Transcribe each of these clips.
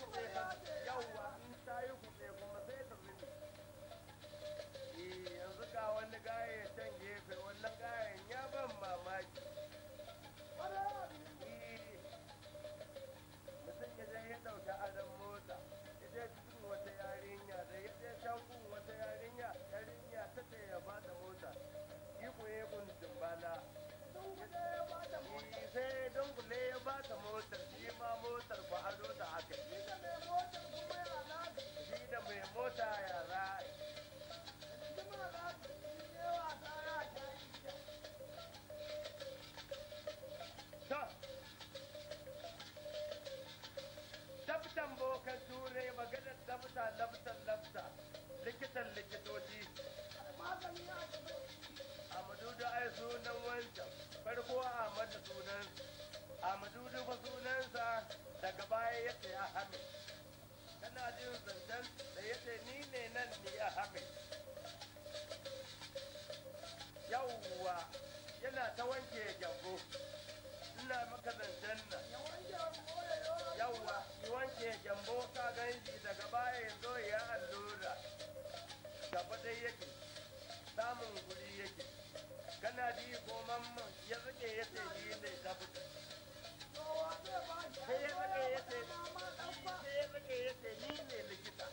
yawwa in sai yanzu wani gaya can gefe wannan ya ban mamaki ɗauki mota ya cikin wata yarinya da ya je wata yarinya ta ce ya mota sai dunkule ya ba ta mota likitan likitoci amadu da ai sunan wancan farko amadu sunan amadu da sunansa daga baya ya ce ahmed kana jin zancen da ya ce ni ne nan ne ahmed sai yake samun guri yake kana bi goman ya rike ya ce ni ne ta fita sai ya rike ya ce sai ya rike ya ce ni ne likita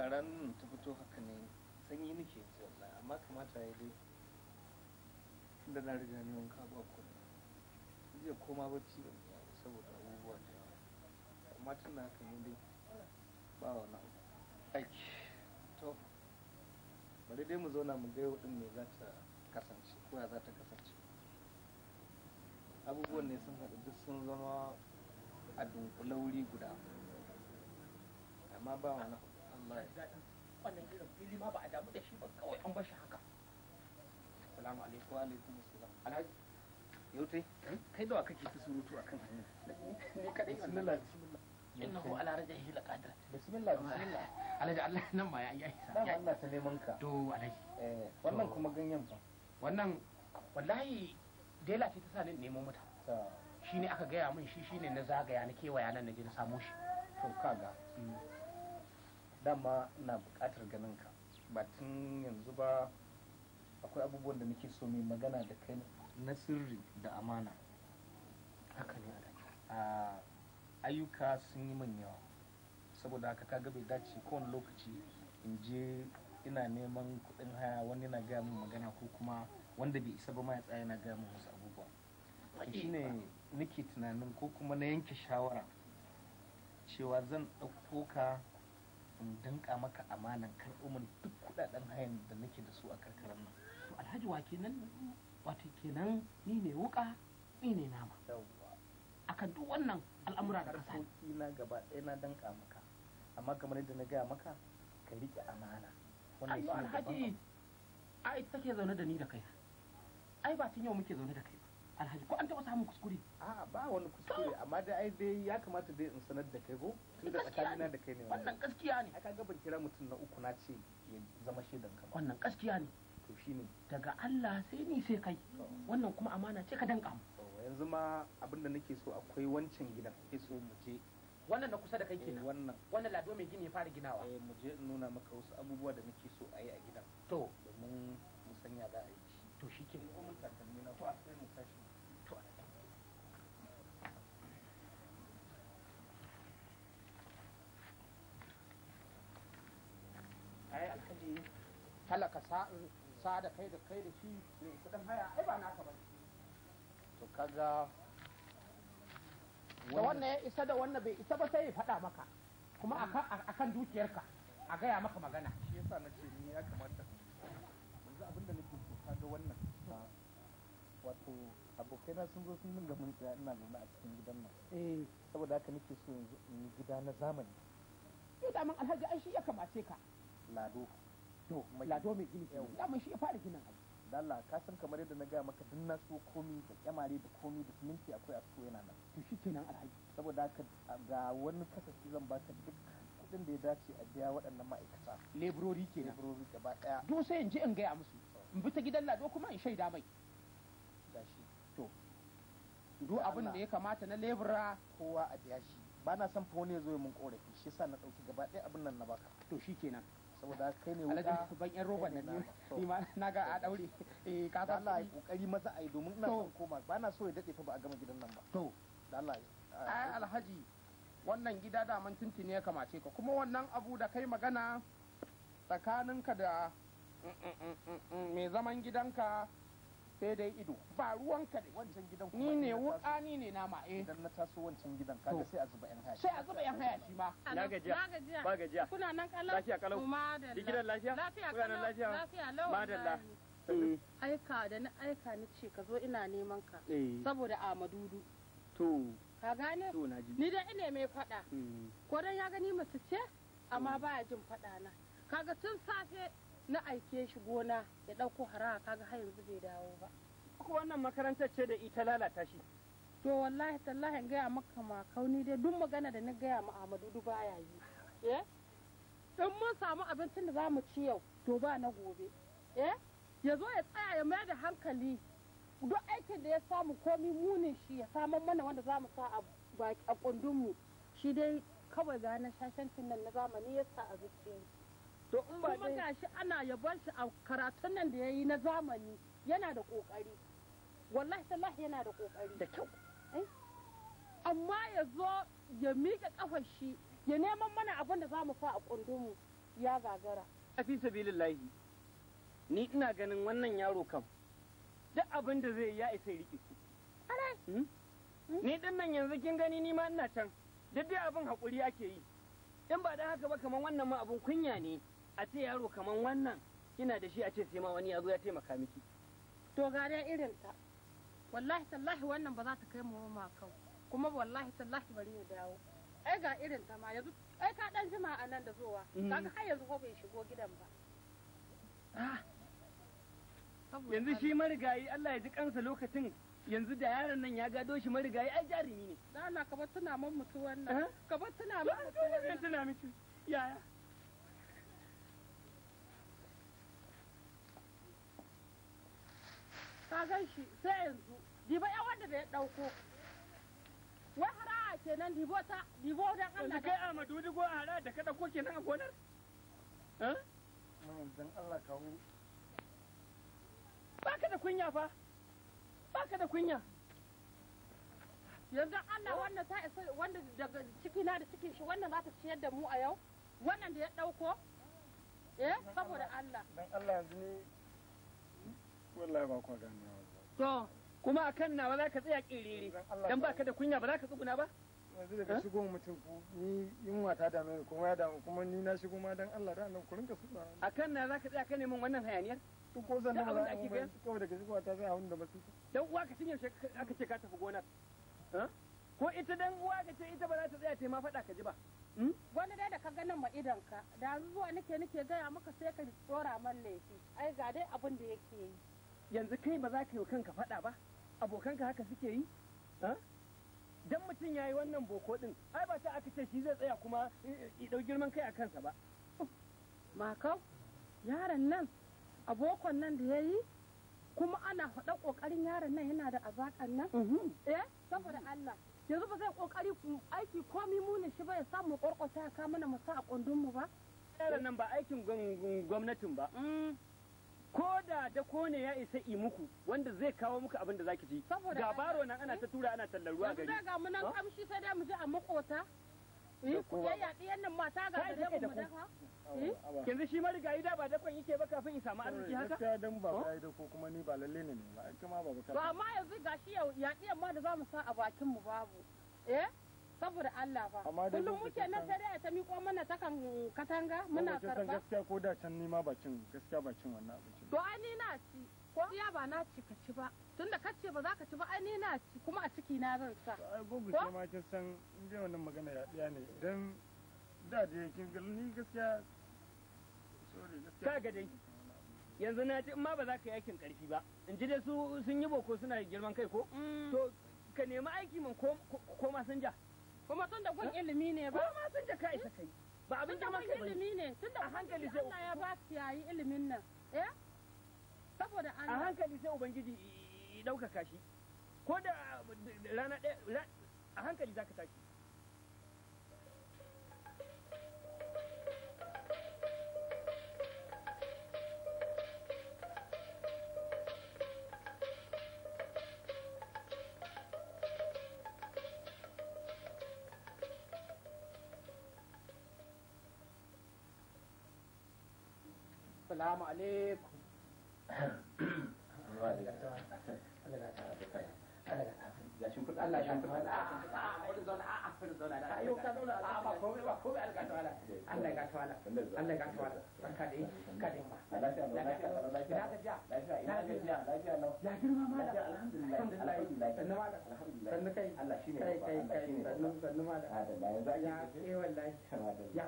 ranar ta fito haka ne sanyi nake ji wallahi amma kamata ya dai da na riga ne wanka ba kuma jiya koma bacci da saboda abubuwa da yawa amma tun da haka ne dai ba wani aiki to bari dai mu zauna mu ga yau din me za ta kasance ko ya za ta kasance abubuwan ne sun haɗu duk sun zama a dunkule wuri guda amma ba wani Allah ya wannan irin fili ma ba a damu da shi ba kawai an bashi haka assalamu alaikum wa alaikum assalam alhaji yautai eh? kai dawa kake ta surutu akan hannun ni kadai bismillah bismillah innahu ala rajhihi laqadir bismillah bismillah alaji Allah nan ma ya yi ya Allah ta neman ka to alaji eh wannan kuma ganyen fa wannan wallahi dela ce ta sa ni nemo mata shine aka gaya min shi shine na zagaya na kewaya nan na je na samo shi to kaga mm. dama na buƙatar ganin ka ba tun yanzu ba akwai abubuwan da nake so mai magana da kai na sirri da amana haka ne a ah, ayyuka sun yi min yawa saboda haka kaga bai dace kowane lokaci in je ina neman kuɗin haya wani na gaya min magana ko kuma wanda bai isa ba ma ya tsaya na gaya min wasu abubuwa shi shine nake tunanin ko kuma na yanke shawara cewa zan ɗauko ka in danka maka amanan karɓo min duk kuɗaɗen hayan da nake da su a karkarar nan alhaji wa kenan wata kenan ni ne wuka ni ne nama kan duk wannan al'amura da kasa na gaba ɗaya na danka maka amma kamar yadda na gaya maka ka riƙe amana wannan shi alhaji ai take zaune da ni da kai ai ba tun yau muke zaune da kai ba alhaji ko an taɓa samun kuskure a ba wani kuskure amma dai ai dai ya kamata dai in sanar da kai ko tun da tsakanina da kai ne wannan gaskiya ne aka ga ban kira mutum na uku na ce ya zama shaidan ka wannan gaskiya ne to shi ne daga Allah sai ni sai kai wannan kuma amana ce ka danka mu yanzu ma abinda nake so akwai wancan gidan ke so mu je wannan na kusa da kai eh, kenan wannan wannan lado mai gini ya fara ginawa eh mu je nuna maka wasu abubuwa da nake so ayi a gidan to domin mu sanya da aiki to shike ko mun tantanni na to a sai mu tashi to ai alhaji talaka sa'in sa da kai da kai da shi mai kudin haya ai ba naka ba to kaga da wannan ya isa da wannan bai isa ba sai ya faɗa maka kuma akan dukiyarka a gaya maka magana shi yasa na ce ni ya kamata yanzu abin da nake so kaga wannan wato abokaina sun zo sun dinga mun tsaya ina zaune a cikin gidan nan eh. saboda haka nake so yanzu in gida na zamani yau daman alhaji an shi ya kamace ka lado to lato mai gini kenan dama shi ya fara ginin abu dalla ka san kamar yadda na gaya maka duk na so komi da kyamare da komi da siminti akwai a so yana nan to shi kenan alhaji saboda haka ga wani kasashe zan ba ka duk kuɗin da ya dace a biya waɗannan ma'aikata leburori kenan leburori gaba ɗaya duk sai in je in gaya musu in bi ta gidan lado kuma in shaida mai gashi to duk abin da ya kamata na lebura kowa a biya shi ba na san fa wani ya zo ya mun korafi shi yasa na ɗauki gaba ɗaya abin nan na baka to shi kenan saboda kai ne wuta ban yan roban nan ni ma na ga a daure eh ka san Allah ya kokari maza ai domin ina son koma ba na so ya dade fa ba a gama gidan nan ba to da Allah ai alhaji wannan gida da man tuntune ya kamace ka kuma wannan abu da kai magana tsakaninka da mm, mm, mm, mai zaman gidanka sai dai ido ba ka ne wancan gidan ni ne wuka ni ne nama eh idan na taso wancan gidan kaga sai a zuba yan haya sai a zuba yan haya shi ma na gajiya ba gajiya kuna nan kalau lafiya kalau madalla ki gidan lafiya lafiya kuna lafiya lafiya madalla mm. aika da na aika ni ce ka zo ina neman ka eh. saboda a madudu to ka gane ni da ina mai fada mm. ko dan ya gani mace ce amma mm. baya jin fada na kaga tun safe na aike shi gona ya ɗauko harawa kaga har yanzu bai dawo ba ko wannan makarantar ce da ita lalata shi to wallahi tallahi in gaya maka ma kauni dai duk magana da na gaya ma Ahmadu du baya yi eh in mun samu abincin da za mu ci yau to ba na gobe eh ya zo ya tsaya ya mayar da hankali duk aikin da ya samu komi munin shi ya samar mana wanda za mu sa a kundin mu shi dai kawai ga na shashancin nan na zamani ya sa a zuciyarsa to in ba kuma gashi ana yabon shi a karatun nan da ya yi na zamani yana da kokari wallahi tallahi yana da kokari da kyau eh? amma ya zo ya miƙa kafar shi ya neman mana abin da zamu fa a kundinmu ya gagara fi sabilillahi ni ina ganin wannan yaro kam duk abin da zai ya isa riƙe su hmm? hmm? ni din nan yanzu kin gani ni ma ina can duk dai abin haƙuri ake yi in ba da haka ba kamar wannan ma abin kunya ne a ce yaro kamar wannan kina da shi a ce sai ma wani ya zo ya taimaka miki to ga dai irin ta wallahi tallahi wannan ba za ta kai mu ma kau kuma wallahi tallahi bari ya dawo ai ga irin ta ma yanzu ai ka dan jima a nan da zowa kaga har yanzu ko bai shigo gidan ba yanzu shi marigayi Allah ya ji kansa lokacin yanzu da yaron nan ya gado shi marigayi ai jarumi ne da Allah ka bar tuna mun mutu wannan ka bar tuna mun mutu wannan tuna miki yaya ka gan shi sai yanzu diba yan wanda da ya dauko wai hara'a kenan dibo ta dibo dan Allah yanzu kai Ahmadu wani a hara'a da ka dauko kenan a gonar eh dan Allah kawo baka da kunya fa baka da kunya yanzu Allah wannan ta isa wanda daga ciki na da cikin shi wannan za ta ciyar da mu a yau wannan da ya dauko eh saboda Allah dan Allah yanzu ne wallahi ba ku to kuma akan nawa za ka tsaya don ba ka da kunya ba za ka tsuguna ba yanzu daga shigo mutum ku ni yunwa wata da ni kuma ya damu kuma ni na shigo ma don Allah da annabi ku rinka tsuba akan na zaka tsaya ka neman wannan hayaniyar tun ko zan nan ake ga kawai daga shigo ta zai abin da ba su dan uwa ka tinye aka ce ka tafi gonar ko ita dan uwa ka ce ita ba za ta tsaya ta ma faɗa ka ji ba hmm? wani dai da ka ganin ma idan ka da zuwa nake nake gaya maka sai ka tsora man laifi ai ga dai abin da yake yi yanzu kai ba za ka yi kanka faɗa ba abokanka haka suke yi dan mutum ya yi wannan boko ɗin ai ba ta aka ce shi zai tsaya kuma eh, eh, ɗau girman kai a kansa ba makau yaron nan abokon nan da ya yi kuma ana faɗa ƙoƙarin yaron nan yana da azakan nan mhm. eh saboda Allah yanzu ba zai ƙoƙari aiki komi muni shi ba ya samu ƙwarƙwata ya kama na musa a ƙundunmu ba yaron nan ba aikin gwamnatin ba mm. ko da da ko ne ya isa yi muku wanda zai kawo muku abin da zaki ji gabaro nan ana ta tura ana tallar ruwa gari yanzu ga mu nan kamshi sai dai mu je a makota hmm? ku ya ɗiyan nan mata ga da ku mu daka hmm? yanzu shi marigayi da ba dakon yake ba kafin in samu arziki haka gaskiya dan ba gai da ko kuma ni ba lalle ne ba kuma ba ba ka amma yanzu gashi ya ɗiyan ma da za mu sa a bakin mu babu eh saboda Allah ba kullum muke nan sai ta miƙo mana takan katanga muna karba gaskiya ko da can nima bakin gaskiya bakin wannan abincin to ai ni na ci ko iya ba na ci ka ci ba tunda ka ce ba za ka ci ba ai ni na ci kuma a ciki na zan sa ai gogo ce ma kin san in dai wannan magana ya ɗaya ne dan da je kin ga ni gaskiya ka ga dai yanzu na ce in ma ba za ka yi aikin karfi ba in ji dai su sun yi boko suna girman kai ko mm. to ka nemi aiki man ko ja. kuma tun da gun ilimi ne ba kuma sun da ka isa kai ba abin da maka ilimi ne tun da hankali sai Allah ya ba ki yayi ilimin nan eh saboda Allah a hankali sai ubangiji ya daukaka kashi ko da rana ɗaya a hankali zaka tashi assalamu alaikum Allah ya ya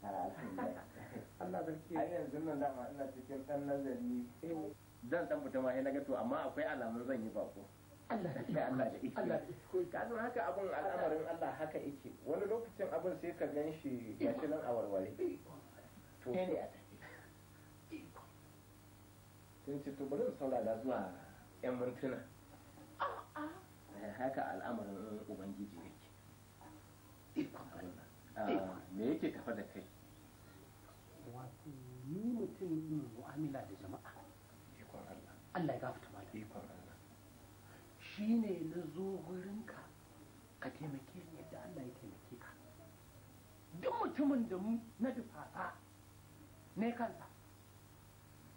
Allah sarki a yanzu nan dama ina cikin dan nazari zan san mutum ma na ga to amma akwai alamun zan yi bako Allah da Allah da Allah ka haka abun al'amarin Allah haka yake wani lokacin abun sai ka gan shi gashi nan a warware to ne a tafi sun ce to bari saurara zuwa yan mintuna eh, haka al'amarin ubangiji yake ah, me yake tafa da kai ni mutum ne mai mu'amala da jama'a Allah ya gafarta mana shi ne na zo wurinka ka taimake ni yadda Allah ya taimake ka duk mutumin da na dufafa ne kansa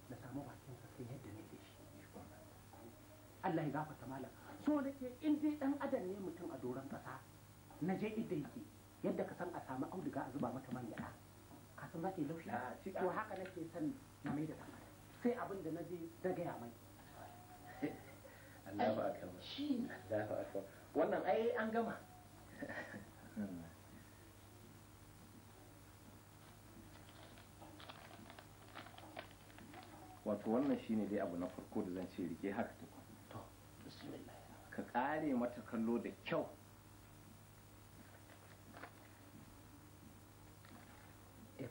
na samu bakin sa sai yadda ne da shi Allah ya gafarta mana so da ke in dai dan adam ne mutum a doron kasa na je inda yake yadda ka san a samu auduga a zuba mata man san mafi laushi to haka nake son na mai da tamara sai abin da na je da gaya mai Allahu akbar shi Allahu akbar wannan ai an gama wato wannan shine dai abu na farko da zan ce rike haka to bismillah ka kare mata kallo da kyau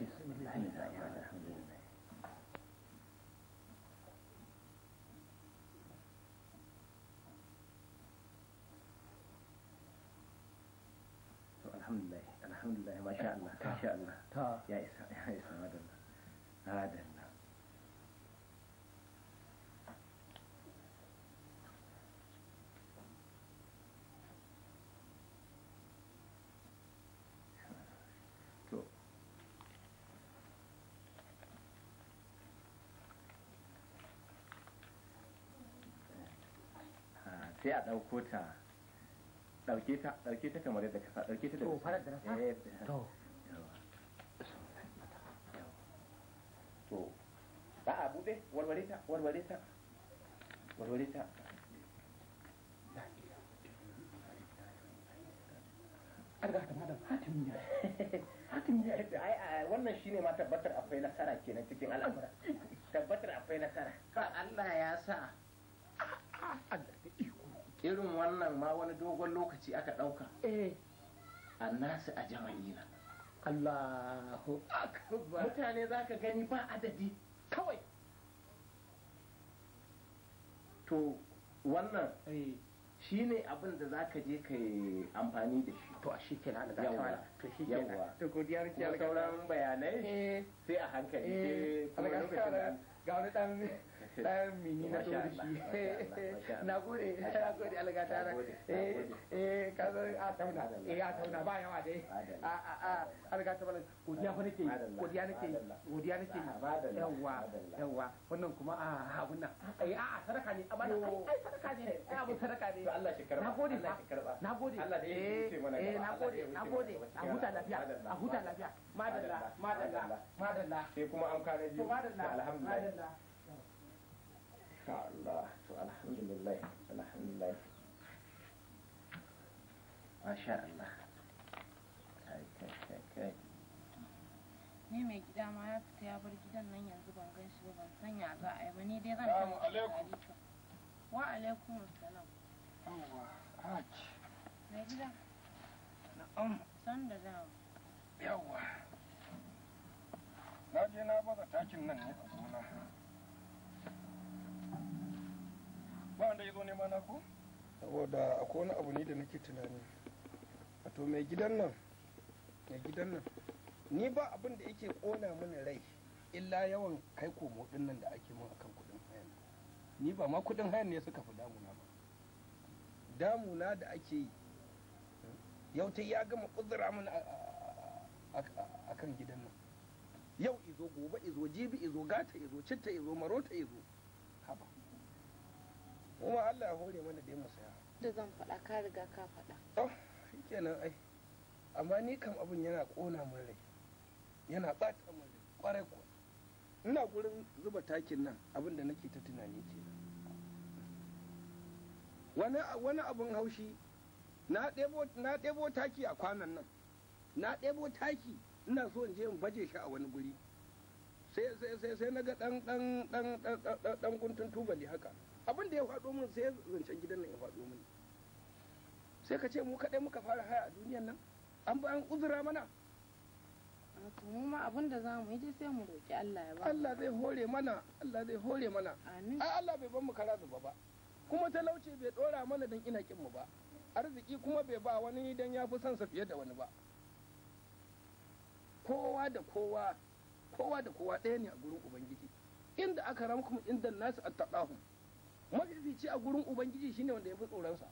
الحمد لله الحمد لله ما شاء الله ما شاء الله يا إسحاق يا إسحاق هذا هذا sai a ɗauko ta ɗauke ta ɗauke ta kamar yadda kasa ɗauke ta da to farar da nasa eh, to to ba a buɗe warware ta warware ta warware ta Allah ta da hatim ya hatim ya ai wannan shine ma tabbatar akwai nasara kenan cikin al'amura tabbatar akwai nasara ka Allah ya sa ah, ah, Allah irin wannan ma wani dogon lokaci aka ɗauka eh. a nasu a jama'ina Allahu akbar mutane za ka gani ba adadi kawai to wannan eh. shi ne abin da za ka je ka yi amfani da shi to a shi ke na da yawa to shi ke na to godiyar ki sauran bayanai eh. sai a hankali sai ga wani dan ɗan mini na to shi na gode na gode alga tara eh eh ka a tauna eh a tauna ba yawa dai a a a alga ta balan godiya fa nake godiya nake godiya nake yawa kuma a abun a sadaka ne amma ai sadaka ne ai abun sadaka ne to Allah shi na gode Allah na gode Allah da na gode na gode a huta lafiya a huta lafiya madalla madalla madalla sai kuma an kare ji alhamdulillah masha Allah alhamdulillah alhamdulillah ni mai gida ma ya fita ya bar gidan nan yanzu ban gan shi ba ban san ya za a yi ba ni dai zan tafi alaikum wa alaikum assalam yawwa hajj mai gida na'am san da yawwa na je na baza takin nan ne a gona ba wanda ya zo nema na ko saboda akwai wani abu ne da nake tunani wato mai gidan nan mai gidan nan ni ba abin da yake kona mini rai illa yawan kai komo din nan da ake mun akan kudin hayan ni ba ma kudin hayan ne suka fi damuna ba damuna da ake yi yau ta ya gama kudura mun akan gidan nan yau izo gobe izo jibi izo gata izo citta izo marota izo kuma Allah ya hore mana da mu yawa. da zan faɗa ka riga ka faɗa oh shikenan ai amma ni kam abin yana ƙona min rai yana ɓata min rai ƙwarai kuwa ina gurin zuba takin nan abin da nake ta tunani ke wani abin haushi na ɗebo taki a kwanan nan na ɗebo taki ina so in je in baje shi a wani guri sai na ga ɗan kuntun tubali haka abin da ya faɗo mun sai zancen gidan nan ya faɗo mun sai ka ce mu kaɗai muka fara haya a duniyan nan an ba an uzura mana to mu ma abin da za mu yi sai mu roƙi Allah ya ba Allah zai hore mana Allah zai hore mana amin ai Allah bai bar mu kara zuba ba kuma talauci bai dora mana dan ina kin mu ba arziki kuma bai ba wani dan ya fi son sa fiye da wani ba kowa da kowa kowa da kowa ɗaya ne a gurin ubangiji inda aka ramkum inda nasu attaqahum mafifici a gurin ubangiji shine wanda ya fi tsoronsa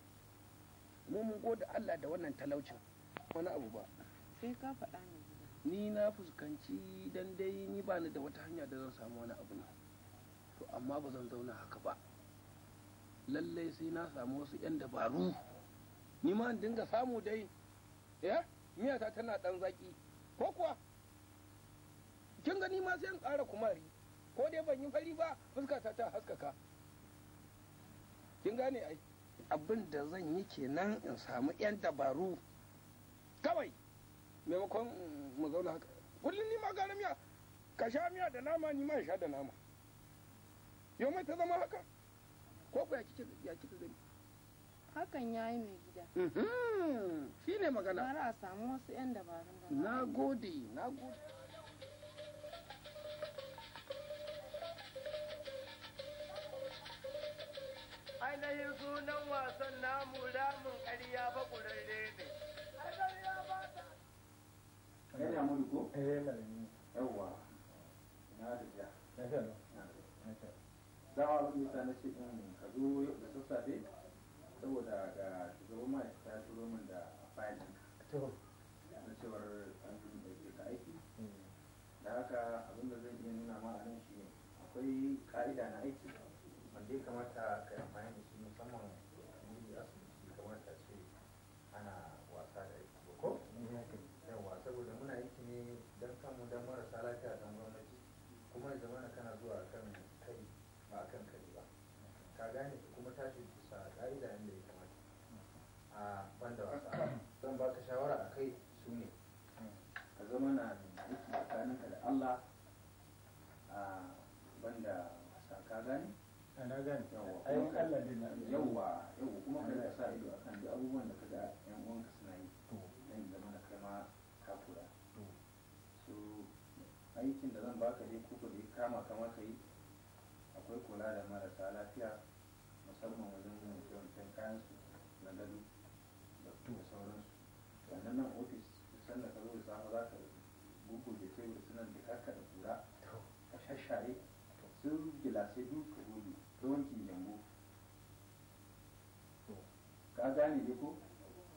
mu mun goda Allah da wannan talaucin wani abu ba sai ka faɗa ne ni na fuskanci dan dai ni ba ni da wata hanya da zan samu wani abu to amma ba zan zauna haka ba lallai sai na samu wasu yan dabaru ni ma dinga samu dai ya eh? miyata tana dan zaki ko kuwa kin gani ma sai in ƙara kumari ko dai ban yi fari ba fuskata ta haskaka kin gane ai abin da zan yi kenan in samu yan dabaru kawai maimakon mu zauna haka kullum ni ma gara miya ka sha miya da nama ni ma sha da nama yau mai ta zama haka ko ku ya kike ya kike gani hakan ya yi mai gida mhm. shi ne magana bara a samu wasu yan dabarun na gode na gode ainihin sunan wasan namu ramin ƙarya ba ƙurarre ne yana mun ko? eh lalini yawwa na da ja na da ja dawa abin da na ce in ka zo da sassafe saboda ga shugaban ma'aikata ya turo min da fayilin na cewar an da ke ka aiki mm. da haka abin da zan iya nuna ma a nan shi akwai ƙa'ida na aiki wanda ya kamata daban da wasa zan baka shawara a kai su ne ka zama na aiki tsakaninka da Allah a banda wasa ka gani na gani ayin Allah ne na yawa yawa kuma ka sa ido akan duk abubuwan da ka ga yan uwanka suna yi dan zama na kai ma ka kula so aikin da zan baka dai kuka da kama kama ka akwai kula da marasa lafiya musamman wajen duk gilasai duk karoli wankin lambu ka gane dai ko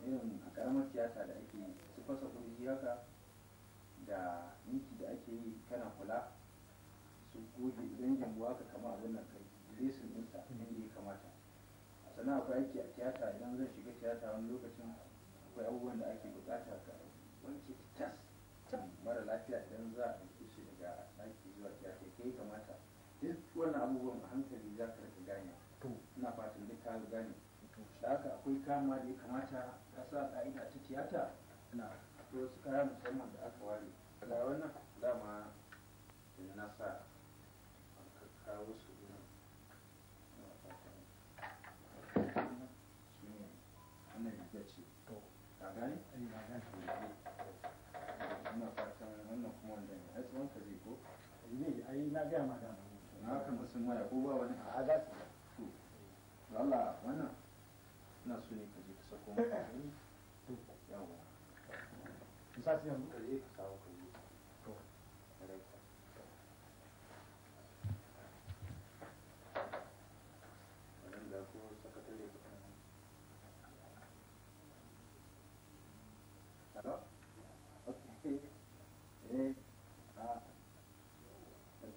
irin a karamar siyasa da ake su fasa kudi haka da niki da ake yi kana kula su goge idan jambu haka kama abin nan kai diresin ɗinsa inda ya kamata a sana akwai aiki a tiyata idan zan shiga tiyata wani lokacin akwai abubuwan da ake bukata ka wanke tas mara lafiya idan za a ɗauke shi daga ɗaki zuwa tiyata kai kamar wannan abubuwan a hankali za ka rike gane to ina fatan duk ka gane da haka akwai kama da kamata a sa ka'ida ta tiyata na akwai wasu kaya musamman da aka ware ga wannan dama da na sa kawo su wannan riga ce to ka gane ai eh, na gane ina fatan wannan kuma wanda ne ai tsawon ka zai ko ne eh, ai na ga ma da akan ba sun waya ko ba wani a da su to Allah wannan ina so ne ka je ka sako mu kai yawa sa ci yanzu kare ka kawo kai to kare ka wannan da ko sakatare ka Okay. Eh, ah,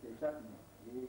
Thank you.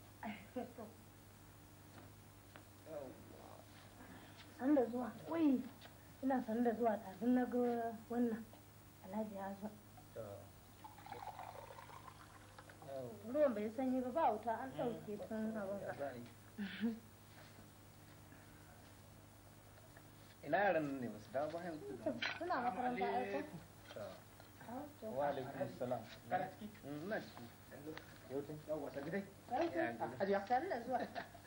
san da zuwa wai ina san zuwa na ga wannan alhaji ya zo ruwan bai sanyi ba ba wuta an hmm. ɗauke sun abin ina yaran ne suna makaranta wa alaikum salam hmm, ina ciki yau tun yau gidai ajiya zuwa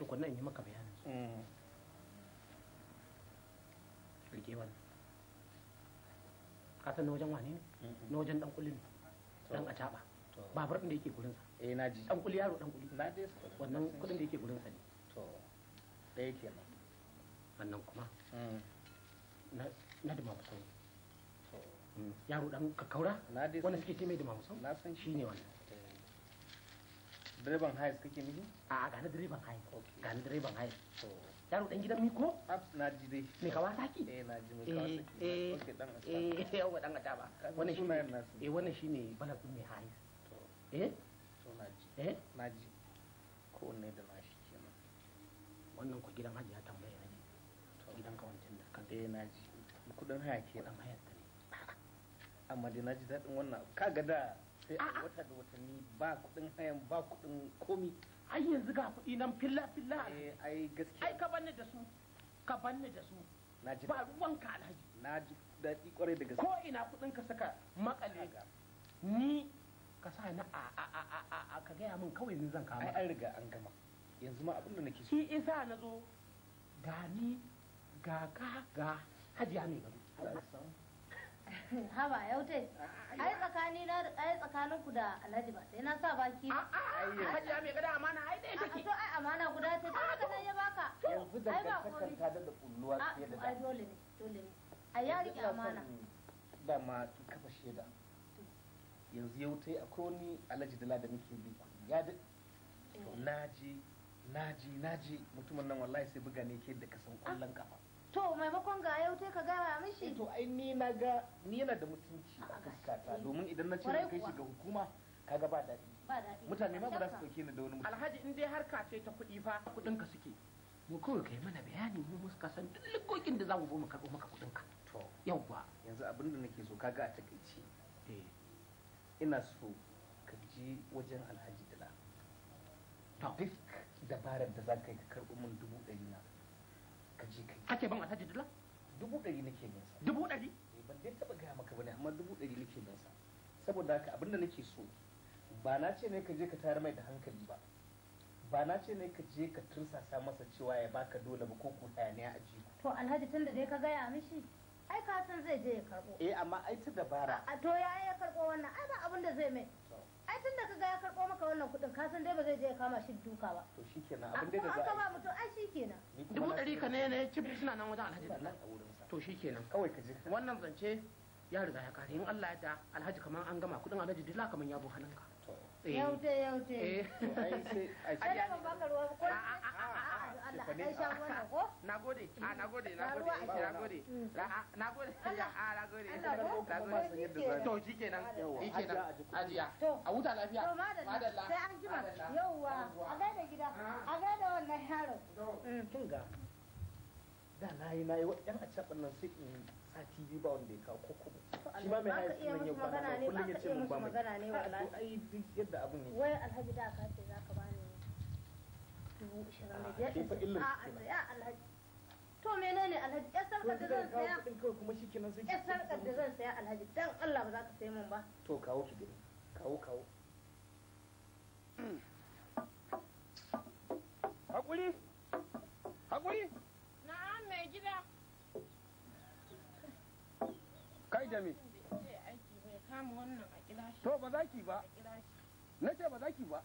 tukunan in yi maka bayanin su mm. rike wani kasan na wajen wane ne na wajen dan kulli ne dan a caba babur din da yake gurin sa eh ji dan kulli yaro dan kulli na je wannan kudin da yake gurin sa ne to da yake nan wannan kuma mm. na na da mamu mm. yaro dan kakkaura wanda suke ce mai da mamu sau na san shine wannan eh. direban hais kake nufi a ga na direban hais ga na direban hais yaro dan gidan miko na ji dai me ki eh na ji me eh, okay eh eh eh yawa dan gata ba wannan shine eh wannan shine balad din me hais eh to na ji eh na ji ko ne da na shi kenan wannan ku gidan ya tambaya ne to gidan ka kawancin da kan eh na ji kudin haya kenan hayar ta ne amma dai na ji dadin wannan ga da sai a wata da watanni ba kudin hayan ba kudin komi ai yanzu ga kudi nan filla filla eh, ai gaskiya ai ka banne da su ka banne da su naji ba ruwan ka alhaji naji dadi kwarai da gaskiya ko ina kudin ka saka makale ni ka sa ni a a a a a ka gaya min kawai ni zan kama ai an riga an gama yanzu ma abin da nake so shi isa na zo ga ni ga ka ga hajiya ne ga gado haba te ai tsakani na ai tsakanin ku da alhaji ba sai na sa baki hajiya mai gada amana ai dai take to ai amana guda ta ta ka nan ya baka yanzu da kankan ta da kulluwa ce da ai dole ne dole ne ai ya rike amana da ma ki kafa sheda yanzu yau tai akwai wani alhaji dala da muke bi ya da naji naji naji mutumin nan wallahi sai buga ne ke da kasan kullun kafa to maimakon ga yau sai ka gaya mishi eh, to ai ni na ga ni yana da mutunci a fuskata domin idan na ce kai shi ga hukuma kaga ba daɗi mutane ma ba za su ɗauke ni da wani mutum alhaji in dai harka ce ta kuɗi fa kuɗin ka suke mu kawai kai mana bayani mu muka san duk likokin da za mu zo mu karɓo maka kuɗin ka to yawwa yanzu abin da nake so kaga a takaice eh ina so ka je wajen alhaji dala duk dabarar da za ka yi ka karɓo min dubu ɗari na kake ban alhaji dala dubu ɗari nake bin sa dubu ɗari eh, ban dai taɓa gaya maka bane amma dubu ɗari nake bin sa saboda haka abinda nake so ba na ce ne ka je ka tayar mai da hankali ba ba na ce ne ka je ka tursasa masa cewa ya baka dole ba ko ko hayaniya a jiko to alhaji tunda dai ka gaya mishi ai ka san zai je ya karbo eh amma ai ta dabara a to ya ya karbo wannan ai ba abin da zai mai ai tun da kaga ya karɓo maka wannan kuɗin ka san dai ba zai je ya kama shi duka ba to shikenan abin da za a kama mutum ai shikenan dubu ɗari ka ne ne cif suna nan wajen alhaji da to shikenan kawai ka wannan zance ya riga ya kare in Allah ya da alhaji kaman an gama kuɗin alhaji dila kaman ya bu hannunka yaute eh, eh. ai sai ai ai ruwa ko Allah ah, ah, mm. a sha wannan ko na gode a na gode na gode na gode na gode a na gode na gode to shi kenan ajiya a huta lafiya to madalla sai an jima yauwa a gaida gida ah. a gaida wannan yaron mm. kin ga da na yi na yi yan a can nan sai in sati biyu ba wanda ya kawo ko shi ma mai haifi yau ba na kullum ya ce mun ba mu ai duk yadda abin ne wai alhaji da ka ce za ka ba dubu ishirin da biyar a tsaya alhaji to menene alhaji ya sarkar da zan saya ya sarkar da zan saya alhaji dan Allah ba za ka sai min ba to kawo ki gani kawo kawo hakuri hakuri na'am mai gida kai jami to ba za ki ba na ce ba za ki ba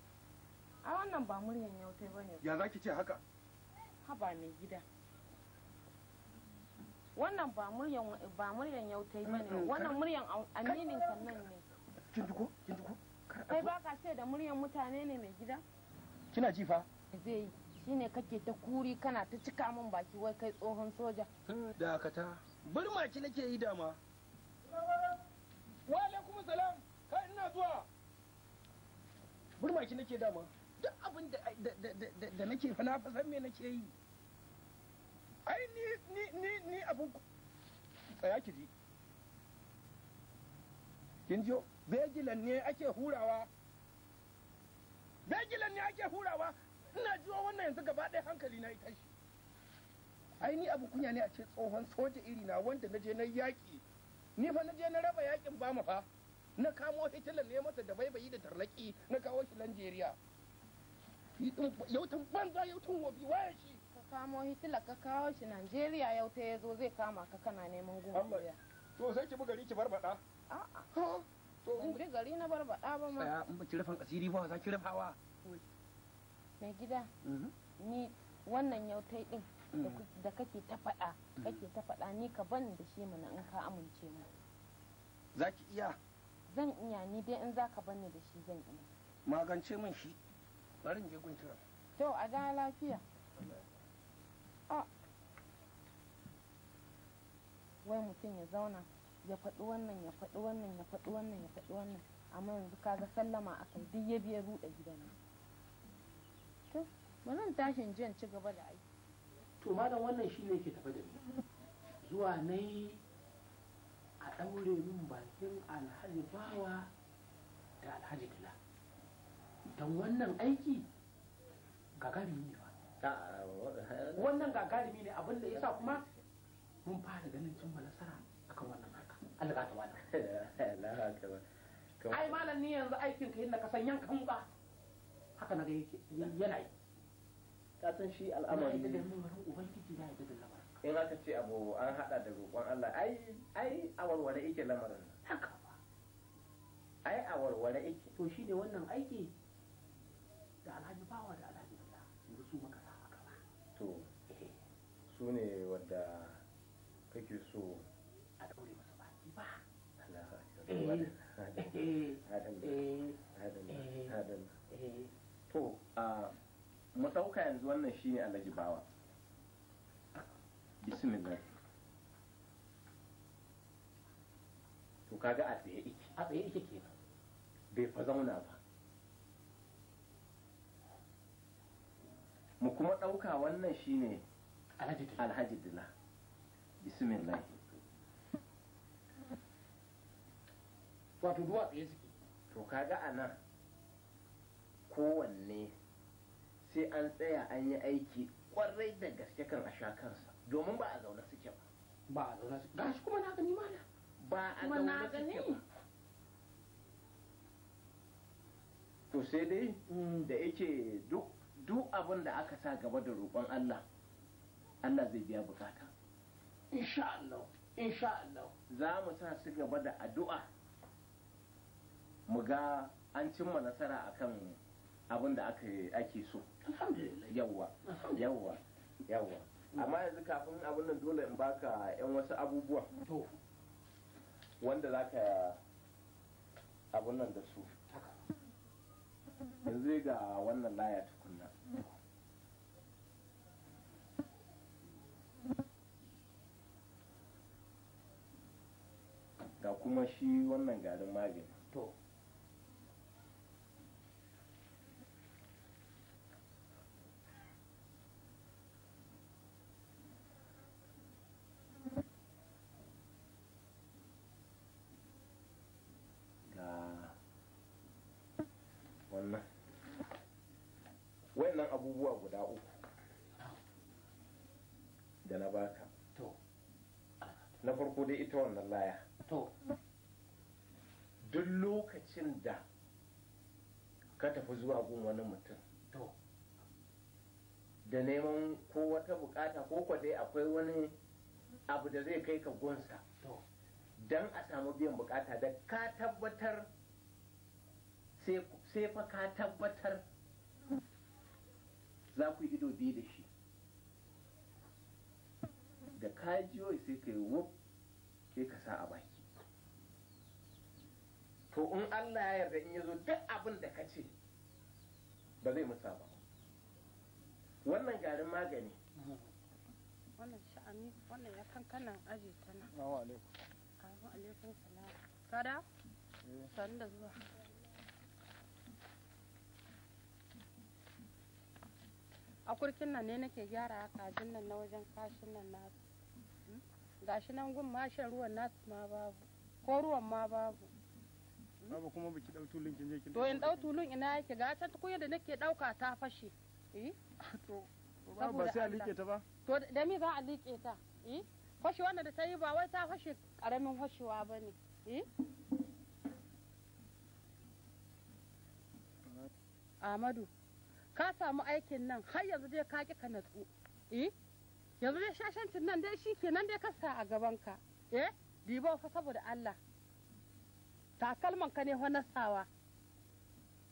a wannan ba muryan yautai ba ne ya za ki ce haka haba mai gida wannan ba muryan ba muryan yautai ba ne wannan muryan aminin kannan ne kin ji ko kin ji ko kai ba ka ce da muryan mutane ne mai gida kina ji fa zai yi shine kake ta kuri kana ta cika min baki wai kai tsohon soja dakata bar maki nake yi dama wa alaikum salam kai ina zuwa burmaki nake dama duk abin da nake fa me nake yi ai ni ni ni ni abin tsaya ki ji kin jo begilan ne ake hurawa begilan ne ake hurawa ina jiwa wannan yanzu gaba ɗaya hankali na ita shi ai ni abu kunya ne a ce tsohon soja iri na wanda na je na yaƙi ni fa na je na raba yaƙin ba mu fa na kamo hitler ne masa da baibayi da tarnaki na kawo shi Najeriya. yautan banza yautan wabi waye shi ka kamo hitila ka kawo shi najeriya yau ta ya zo zai kama ka kana neman goma to sai ki bi gari ki barbada a'a to in bi gari na barbada ba ma ya in ba ki rufin asiri ba za ki rufawa mai gida mhm. ni wannan yautai din mm. da kake ta faɗa mm. kake ta faɗa ni ka ban da shi mana in ka amince mu za ki iya zan iya ni dai in za ka banni da shi zan iya magance min shi bari je gun to a lafiya ah. wai mutum ya zauna ya faɗi wannan ya faɗi wannan ya faɗi wannan ya faɗi wannan amma yanzu sallama a kai duk ya biya ruɗe gidan to bari tashin jiyan ci gaba da aiki to malam wannan shi ne ke tafa da ni zuwa na yi a ɗaure min bakin alhaji bawa da alhaji don wannan aiki gagarumi ne ba wannan gagarumi ne abinda ya sa kuma mun fara ganin cimma nasara akan wannan haka Allah ka tawana ai malam ni yanzu aikin ka yadda ka san yankan ba haka na ga yana yi ka san shi al'amari ne ubangiji da ya da lamarin in aka ce abu an hada da roƙon Allah ai ai a yake lamarin haka ai awarware warware yake to shine wannan aiki su ne wadda kake so a daure masu ba to mu ɗauka yanzu wannan shi ne alhaji bawa bismillah to kaga a tsaye ike a tsaye ike ke bai fa zauna ba mu kuma ɗauka wannan shi ne alhaji dila bismillah wato duwatsu ya suke to kaga a nan kowanne sai an tsaya an yi aiki kwarai da gaske kan a sha kansa domin ba a zaune suke ba ba a zaune suke gashi kuma na gani mana ba a zaune suke ba to sai dai hmm. da yake duk abin da aka sa gaba da roƙon Allah Allah zai biya bukata insha Allah insha Allah za mu sa su gaba da addu'a mu ga an cimma nasara akan abin da ake so yawwa yawwa yawwa amma yanzu kafin abin nan dole in baka yan wasu abubuwa wanda za ka abin nan da su yanzu ga wannan laya tukunna ga kuma shi wannan garin magin to ga wannan wannan abubuwa guda uku da na baka na farko dai ita wannan laya to duk lokacin da ka tafi zuwa gun wani mutum to da neman ko wata bukata ko kwa dai akwai wani abu da zai kai ka gunsa don a samu biyan bukata da ka tabbatar sai fa ka tabbatar za ku yi ido biyu da shi da ka jiyo sai ka yi wuf sai ka sa a baki to in Allah ya yarda in ya zo duk abin da ka ce ba zai musa ba wannan garin magani wannan sha'ani wannan ya kankanan aji ta nan assalamu alaikum assalamu alaikum salam kada eh. san da zuwa a kurkin nan ne nake gyara a kajin nan na wajen kashin nan nasu hmm? gashi nan gun mashin ruwan nasu ma babu ko ruwan ma babu Baba kuma baki dau tulun kin je kin. To in dau tulun ina yake ga ta kuya da nake ɗauka ta fashe. Eh? To ba ba sai a liƙe ta ba. To da me za a liƙe ta? Eh? Fashe wanda da ta yi ba wai ta fashe ƙaramin fashewa bane. Eh? Ahmadu, ka samu aikin nan har yanzu dai ka ki ka natsu. Eh? Yanzu dai shashancin nan dai shi kenan dai ka sa a gabanka. ka. Eh? Dibo fa saboda Allah. takalman ka ne na sawa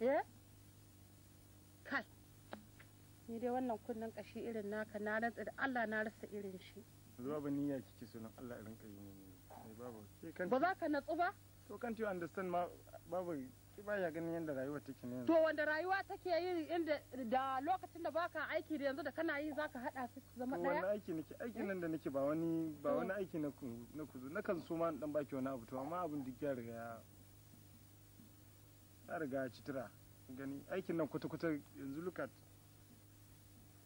eh kai ni dai wannan kunnen kashi irin naka na rantsa da Allah na rasa irin shi zuwa ba niyya kike so Allah irin kai ne ne babu ke kan ba za ka natsu ba to kan you understand ma babu ki ba ya ganin yadda rayuwa take ne to wanda rayuwa take yi inda da lokacin da baka aiki da yanzu da kana yi zaka hada su zama daya wannan aiki nake aikin nan da nake ba wani ba wani aiki na ku na ku na kan so ma dan baki wani abu to amma abin duk ya riga ta riga ya ci gani aikin nan kuta-kuta yanzu lukat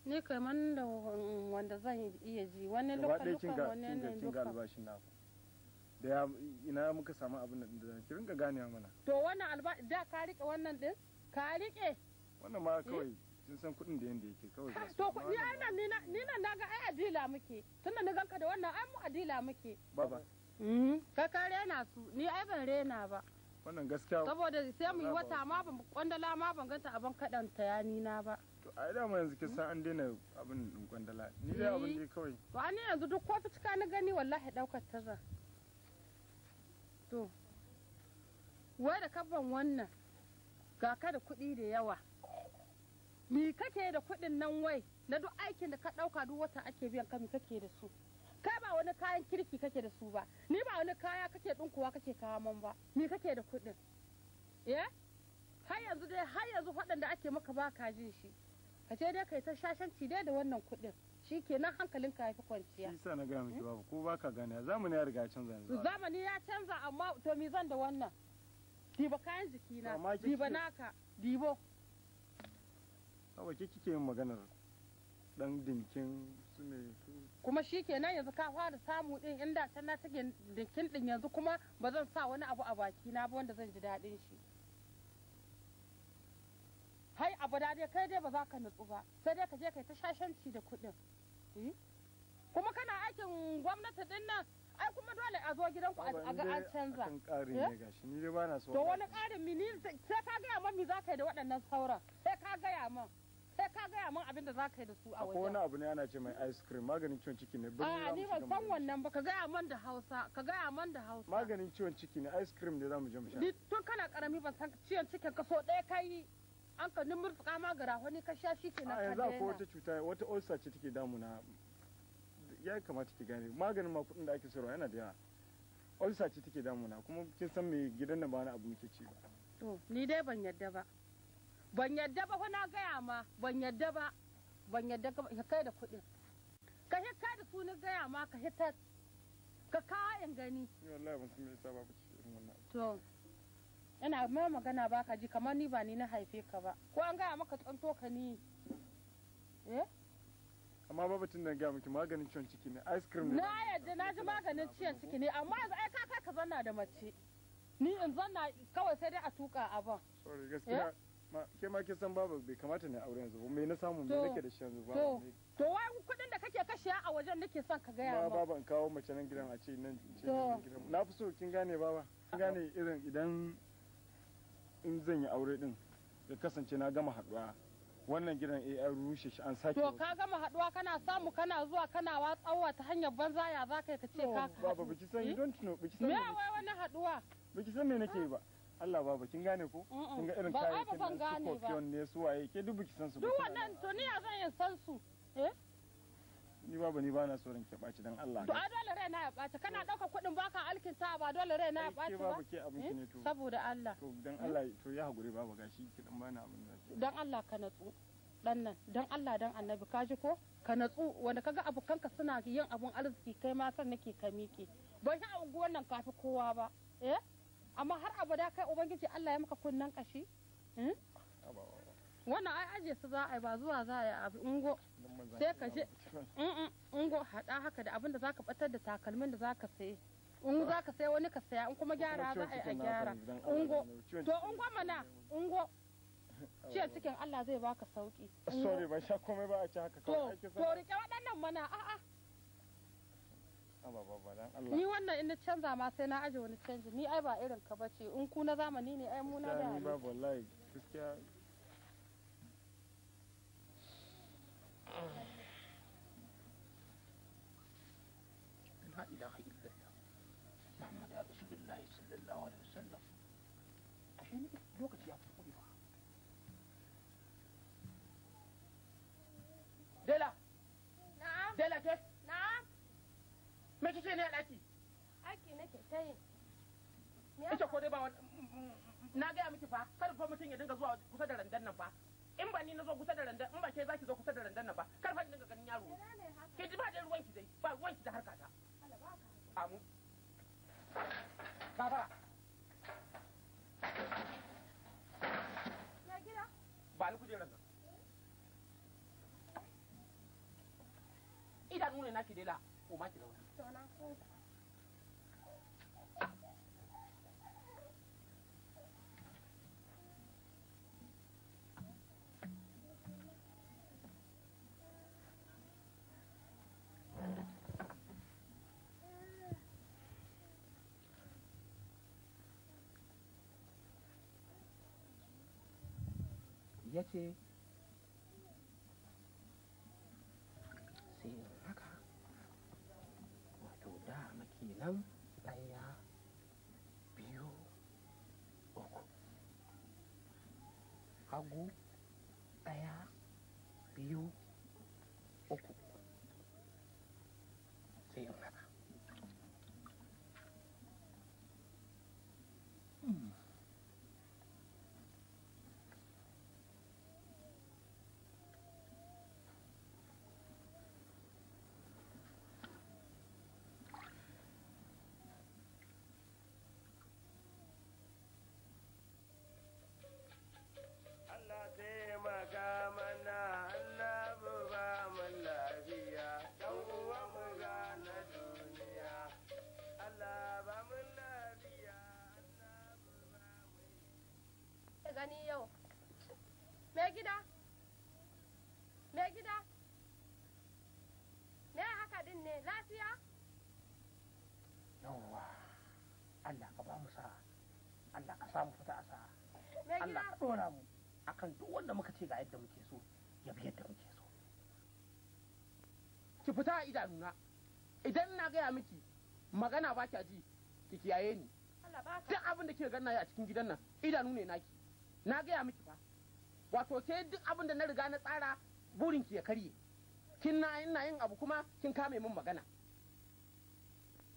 ne kamar da wanda zan iya ji wani lokacin wani ne albashin naku da ya ina muka samu abin da da ki ringa ganewa mana to wannan alba da ka rike wannan din ka rike wannan ma eh? kawai kin san kuɗin da yanda yake kawai to ni ai nan ni nan ni nan naga ai adila muke tunda na ganka da wannan ai mu adila muke baba mm-hmm. ka ka rena su ni ai ban rena ba wannan gaskiya saboda sai mu yi wata ma ban kwandala ma ban ganta abin kadan tayani na ba to a da mu yanzu kisan an daina abin din kwandala ni dai abin eh. dai kawai to an yanzu duk ko fitika na gani wallahi daukar tarra to wai da kabban wannan ga ka da kuɗi da yawa mi kake da kuɗin nan wai na duk aikin da ka ɗauka duk wata ake biyan ka mi kake da su kai ba wani kayan kirki kake da su ba ni ba wani kaya kake dinkowa kake kawo man ba ni kake da kuɗin ya eh? har yanzu dai har yanzu da ake maka ba ka jin shi ka ce dai kai ta shashanci dai da wannan kuɗin shi ke nan hankalin ka fi kwanciya shi sa na gaya miki hmm? babu ko baka gane zamani ya riga canza yanzu zamani ya canza amma to me zan da wannan diba kayan jikina diba naka dibo kawai kike yin maganar dan dinkin su ne kuma shi kenan yanzu ka fara samu din inda can na take dinkin din yanzu kuma ba zan sa wani abu a baki na ba wanda zan ji daɗin shi hai abu da dai kai dai ba za ka nutsu ba sai dai ka je kai ta shashanci da kuɗin hmm? kuma kana aikin gwamnati din nan ai kuma dole a zo gidanku a ga an canza eh? to wani ƙarin mini sai ka gaya mami me za ka yi da waɗannan sauran sai ka gaya man. sai ka gaya min abin da za ka yi da su a wajen. wani abu ne ana ce mai ice cream maganin ciwon ciki ne. a ni ban san wannan ba ka gaya man da hausa ka gaya man da hausa. maganin ciwon ciki ne ice cream ne za mu je mu sha. tun kana karami ban san ciwon cikin ka so ɗaya ka yi an ka numur murfuka ma gara wani ka sha shi ke na kadai na. a yanzu akwai wata cuta wata ulcer ce take damuna ya kamata ki gane maganin ma kuɗin da ake sayarwa yana da yawa ulcer ce take damuna kuma kin san me gidan nan ba wani abu muke ci ba. to ni dai ban yadda ba. ban yadda ba na gaya ma ban yadda ba ban yadda ka kai da kuɗin ka kai da su gaya ma ka ta ka kawo in gani to ina ma magana ba ka ji kamar ni ba ni na haife ka ba ko an gaya maka tsanto ka ni eh amma ba batun nan ga miki maganin ciwon ciki ne ice cream ne na yadda na ji maganin ciwon ciki ne amma yanzu ai ka kai ka zanna da mace ni in zanna kawai sai dai a tuka ban sorry gaskiya eh? ma ke ma kin san babu bai kamata ne aure yanzu me na samu me nake da shi yanzu ba to wai kudin da kake kashe a wajen nake son ka ga yawa ba baban kawo mace nan gidan a ce nan ce gidan na fi so kin gane baba kin gane irin idan in zan yi aure din ya kasance na gama haduwa wannan gidan eh an rushe shi an sake to ka gama haduwa kana samu kana zuwa kana watsawa ta hanyar banza ya zaka ka ce ka baba biki san hmm? you don't know biki san me wai wannan haduwa biki san me nake ba Allah ba ba kin gane ko kin ga irin kayayyakin da su ba ne su waye ke duk biki san su duk wannan to ni ya zan ya san su eh ni babu ni na so ke baci dan Allah to a dole rai na ya baci kana dauka kudin baka alkinta ba dole rai na ya baci ba ke babu ke eh? ne to saboda Allah to dan eh? Allah to ya hakuri babu gashi ki dan bana abin da dan Allah ka natsu dan nan dan Allah dan annabi kaji ko ka natsu wanda kaga abokanka suna yin abun arziki kai ma san nake ka miƙe ban sha unguwan nan kafi kowa ba eh amma har abada kai ubangiji Allah ya maka kunnan kashi hmm? wannan ai aje su za a yi ba zuwa za a yi abu ungo sai ka je ungo hada haka da abin da zaka batar da takalmin da zaka saye in za ka sai wani ka saya in kuma gyara za a yi a gyara ungo to ungo mana ungo ciyar cikin Allah zai baka sauki sorry ban sha komai ba a ci haka kawai to rike waɗannan mana a'a ni wannan in na canza ma sai na aje wani canji ni ai ba irin ka bace in ku na zamani ne ai mu na da ni ba wallahi gaskiya me kike ne a daki aiki nake ta yi ita ko dai ba na gaya miki fa kar fa mutum ya dinga zuwa kusa da randan nan fa in ba ni na zo kusa da randan in ba ke zaki zo kusa da randan nan fa? kar fa dinga ganin yaro ki ji ba da ruwanki dai ba ruwan ruwanki da harka ta amu baba ya gida ba ni kujerar nan idanu ne naki dai la ko ma ki zauna to na ya ce oui. Allah ya dora mu akan duk wanda muka ce ga yadda muke so ya bi yadda muke so ki fita a idanuna idan na gaya miki magana ba kya ji ki kiyaye ni duk abin da kike ganna a cikin gidan nan idanu ne naki na gaya miki fa wato sai duk abin da na riga na tsara burin ki ya karye kin na ina yin abu kuma kin kame min magana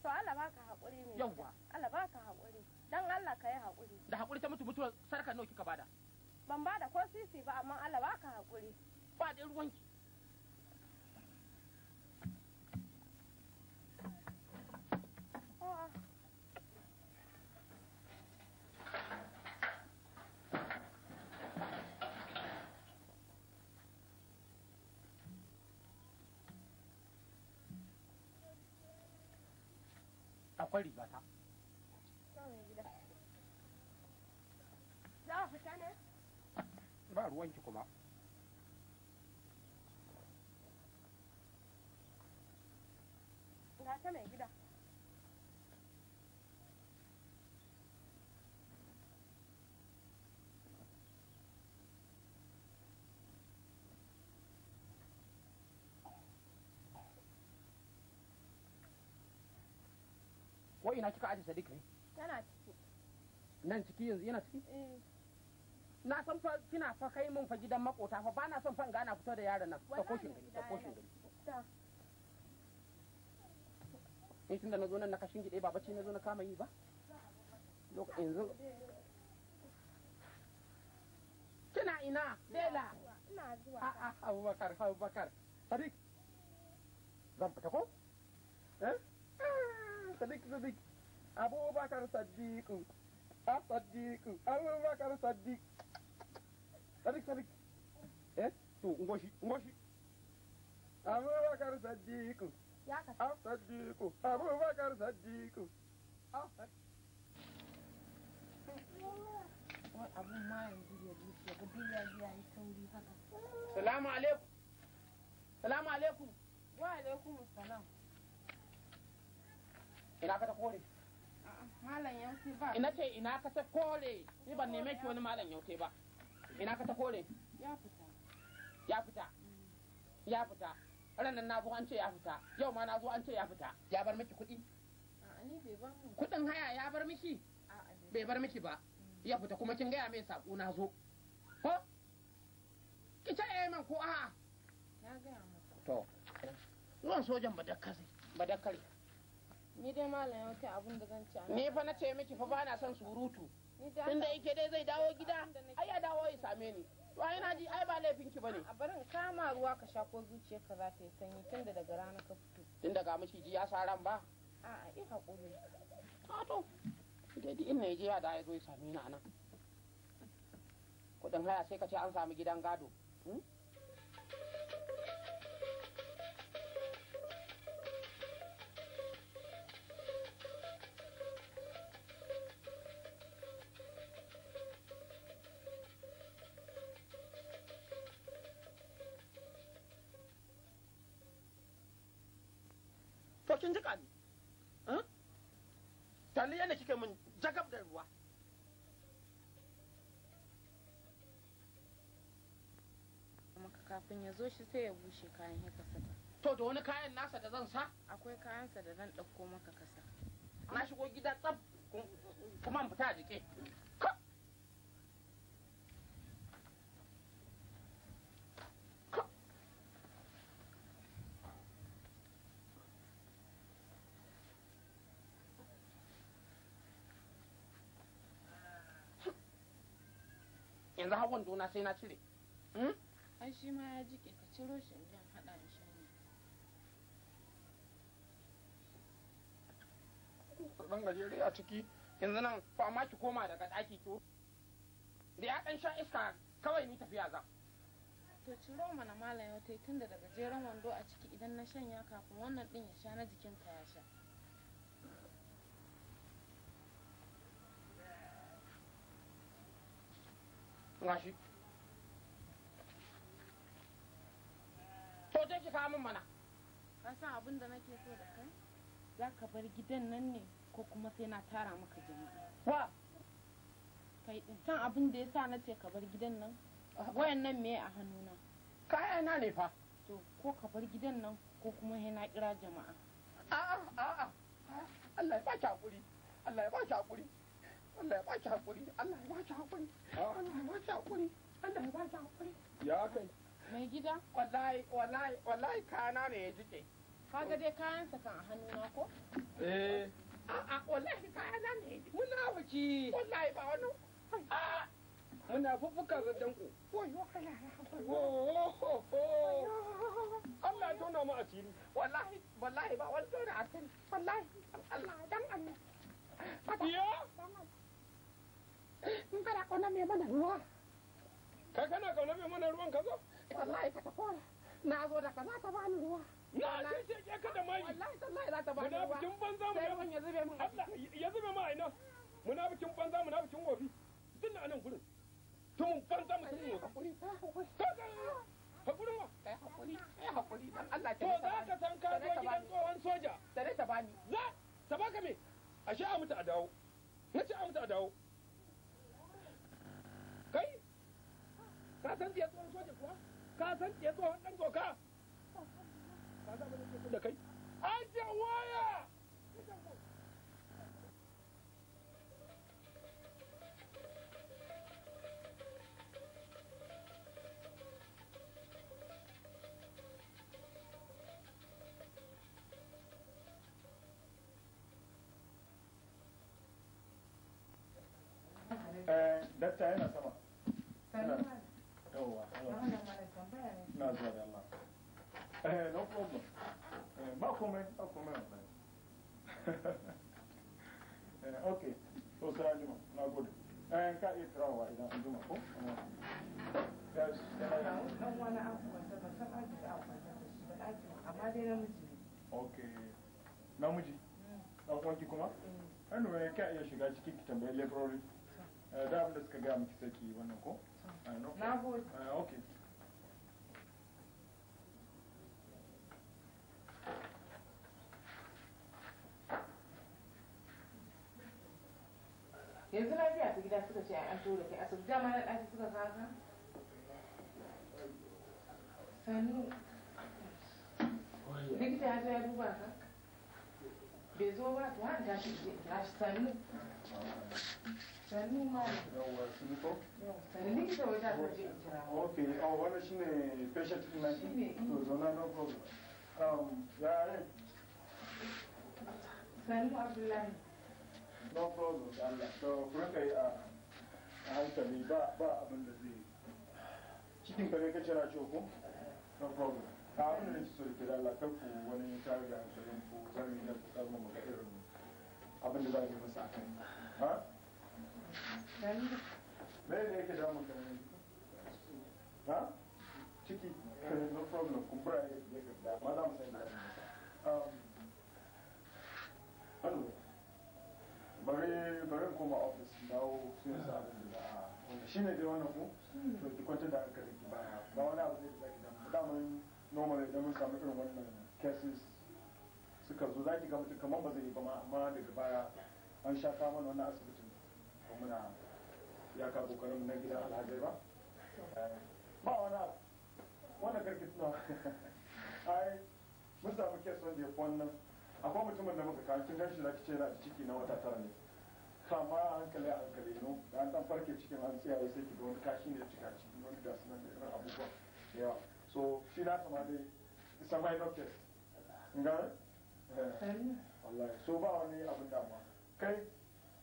to Allah baka hakuri ne yawa Allah baka hakuri Dan Allah ka yi hakuri. Da haƙuri ta mutu mutuwar sarka nawa kika bada? Ban bada ko sisi ba amma Allah ba ka haƙuri. Ba dai ruwanki. Akwai rigata. ba ruwanki kuma ga ta mai gida ina kika ajiye sadiq ne yana ciki nan ciki yanzu yana ciki eh na san fa kina fa kai mun fa gidan makota fa na son fa in gana fito da yaron nan ta koshin gari ta koshin gari ni tunda na zo nan na kashin gide ba bacci na zo na kama yi ba yanzu kina ina bela ina zuwa a ah, a ah, abubakar abubakar sadik zan fita ko eh ah, sadiq sadiq abubakar sadiku a sadiq abubakar sadiku. tarik tarik eh to ngoshi ngoshi abubakar sadiku ya ka ah sadiku abubakar sadiku salamu alaikum salamu alaikum wa alaikum salam ina ka ta kore malam yauke ba ina ce ina ka ta kore ni ban neme ki wani malam yauke ba ina ka taho ne ya fita ya fita ya fita ranar na zo an ce ya fita yau ma na zo an ce ya fita ya bar miki kuɗi kuɗin haya ya bar miki bai bar miki ba ya fita kuma kin gaya mai saƙo na zo ko ki ce eh man ko a'a ya gaya masa to ruwan sojan badakkare ni dai malam ya wuce da zan ci ni fa na ce miki fa ba na son surutu tun da yake dai zai dawo gida ai ya dawo ya same ni to ai na ji ai ba laifin ki bane a barin kama ruwa ka sha ko zuciyarka za ta yi sanyi tun da daga rana ka fito tun daga ji ya sa ran ba a yi hakuri a to da duk inda ya je ya dawo ya same ni a nan kuɗin haya sai ka ce an sami gidan gado hmm? kin jika ne eh? talli yana kike min jagab da ruwa kuma kafin ya zo shi sai ya bushe kayan ya kasa to da wani kayan nasa da zan sa akwai kayansa da zan ɗauko maka kasa na shigo gida tsab kuma fita da jike yanzu hagun wando na sai na cire hmm? ai shi ma ya jike ka ciro shi in haɗa da shi ɗan gajere a ciki yanzu nan ko amma ki koma daga ɗaki ki da ya ɗan sha iska kawai ni tafiya za to ciro mana malam yau tun da gajeren wando a ciki idan na shanya kafin wannan ɗin ya sha na jikin ka ya sha gashi to je ki kawo min mana ka san abin da nake so da kai za ka bar gidan nan ne ko kuma sai na tara maka jama'a wa kai din san abin da yasa na ce ka bar gidan nan wayan nan me a hannuna kaya na ne fa to ko ka bar gidan nan ko kuma sai na kira jama'a a'a a'a Allah ya ba ki hakuri Allah ya ba ki hakuri Allah ya ba haƙuri Allah ya ba haƙuri Allah ya ba haƙuri Allah ya ba haƙuri ya kai mai gida wallahi wallahi wallahi kana ne ya jike dai kayansa kan a ko eh a'a wallahi kayana ne muna wuci wallahi ba wani muna fuffuka Allah ya tona mu wallahi wallahi ba wani tona wallahi Allah dan Allah in kana kauna mai mana ruwa ka kana kauna mai mana ruwan ka zo wallahi ka na zo da kaza ta bani ruwa na ce ce ke ka da mai wallahi tallahi za ta bani ruwa banza mu yawan ya zube mun Allah ya zube mu banza wofi na nan gurin tumun banza mutumin wofi hakurin hakuri hakuri dan Allah ke to za ka san ka zo gidan tsohon soja tare ta bani za ta baka me ashe a mutu a dawo nace a mutu a dawo ka san tsaye tsohon soja kuwa ka san tsaye tsohon dan doka ka san tsaye da kai aje waya dakta yana sama yawwa na zuwa não Allah eh no problem ba komai ba não eh okay to sai anjima na gode eh não não tirawa idan anjima ko yes dan wani não wanda ba san aji da abu da aji não dai namiji okay namiji dan uwanki não anyway ka iya shiga cikin ki tambayi laboratory za eh, abin da suka gaya miki sai ki wannan ko eh, na gode eh, yanzu lafiya gida suka ce an tura kai asibiti dama na ɗaki suka kaka sannu likita ya duba ka bai zo ba to har gashi ne oh, shine patient treatment shine to no problem um yare no problem Allah to kuma kai a hankali ba ba abin da zai cikin kare ka cira ko no problem a abin da so da ke da Allah kar ku wani tare da hankalin ku za da yi na ku karmu mu irin abin da za a yi masa a kan ha? Me ne yake damun ka ne? Ha? Ciki ka ne no problem kumbura ya ke da ma za mu sai da masa. Anyway, um, bari bari koma ofis dawo sai sa abin da za a shi ne dai wannan ku? Hmm. To ki kwanta da hankali ki baya ba wani abu zai da ki damu. normal idan mun samu irin wannan cases suka zo za ki ga mutum kamar ba zai yi ba amma daga baya an sha kama wannan asibitin ba muna ya ka kokarin na gidan alhajai ba ba wani abu wannan karki suna ai mun samu kes wanda ya wannan akwai mutumin da muka kawo kin ganshi zaki ce yana ciki na wata tara ne kama hankali a hankali no da an dan farke cikin an tsiyaye sai ki ga wani kashi ne cika ciki wani gasu nan da irin abubuwa da yawa so shi na kama dai isa mai doctor nga so ba wani abin damuwa kai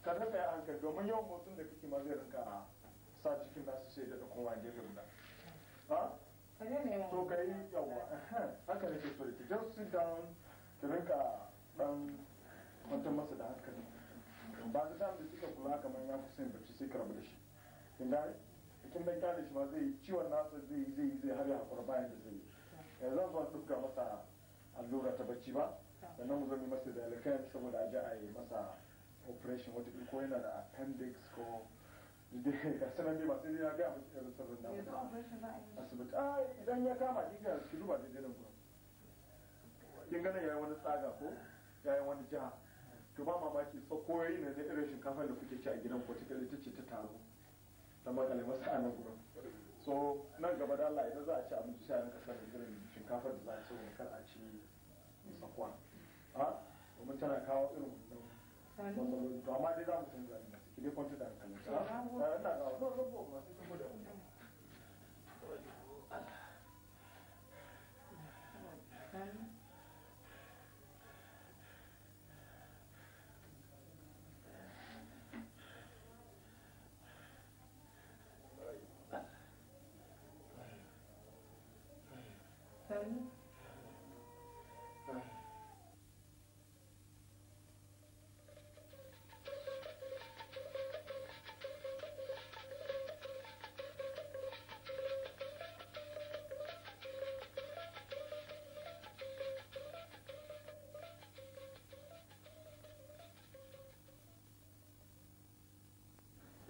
ka rika ya hankali domin yawan mutum da kake ma zai rinka sa cikin nasu sai da kowa gefe guda ha so kai yawa haka nake so just sit down ki rinka dan kwantar masa da hankali ba da da kika kula kamar ya kusa yin sai ka shi kin bai kyale shi ma zai ciwon nasa zai zai zai har ya hakura bayan da zai yanzu eh, zan zuwa dukkan masa allura ta bacci ba sannan zan yi masa da alkan saboda a ji a yi masa operation wata ko yana da appendix ko ga sanar dai masu ya ga abin irin sirrin na asibiti a ah, idan ya kama shi ga su duba da jirin ku kin gane yayin wani tsaga ko ya yi wani jiha to ba mamaki tsakoyoyi ne na irin shinkafa da kuke ci a gidan ko ta ce ta taro ta makale masa a gurin so nan gaba da Allah idan za a ci abinci sai a rinka irin shinkafar da za a ci wani kar a ci sakwa a ah, domin tana kawo irin wannan matsaloli to amma dai za mu canza ne masu dai kwanta da hankalin ah, ina ga wasu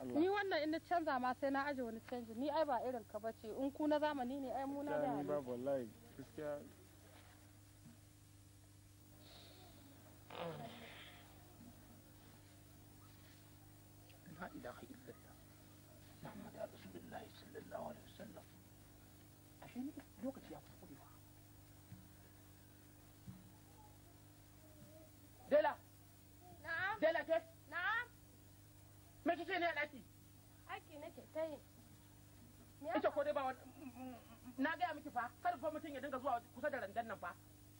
Allah ni wannan in na canza ma sai na aje wani canji ni ai ba irin ka bace in ku na zamani ne ai mu na da ni ba wallahi gaskiya a mm, mm, mm, na gaya miki fa kar mutum ya dinga zuwa kusa da randan nan fa.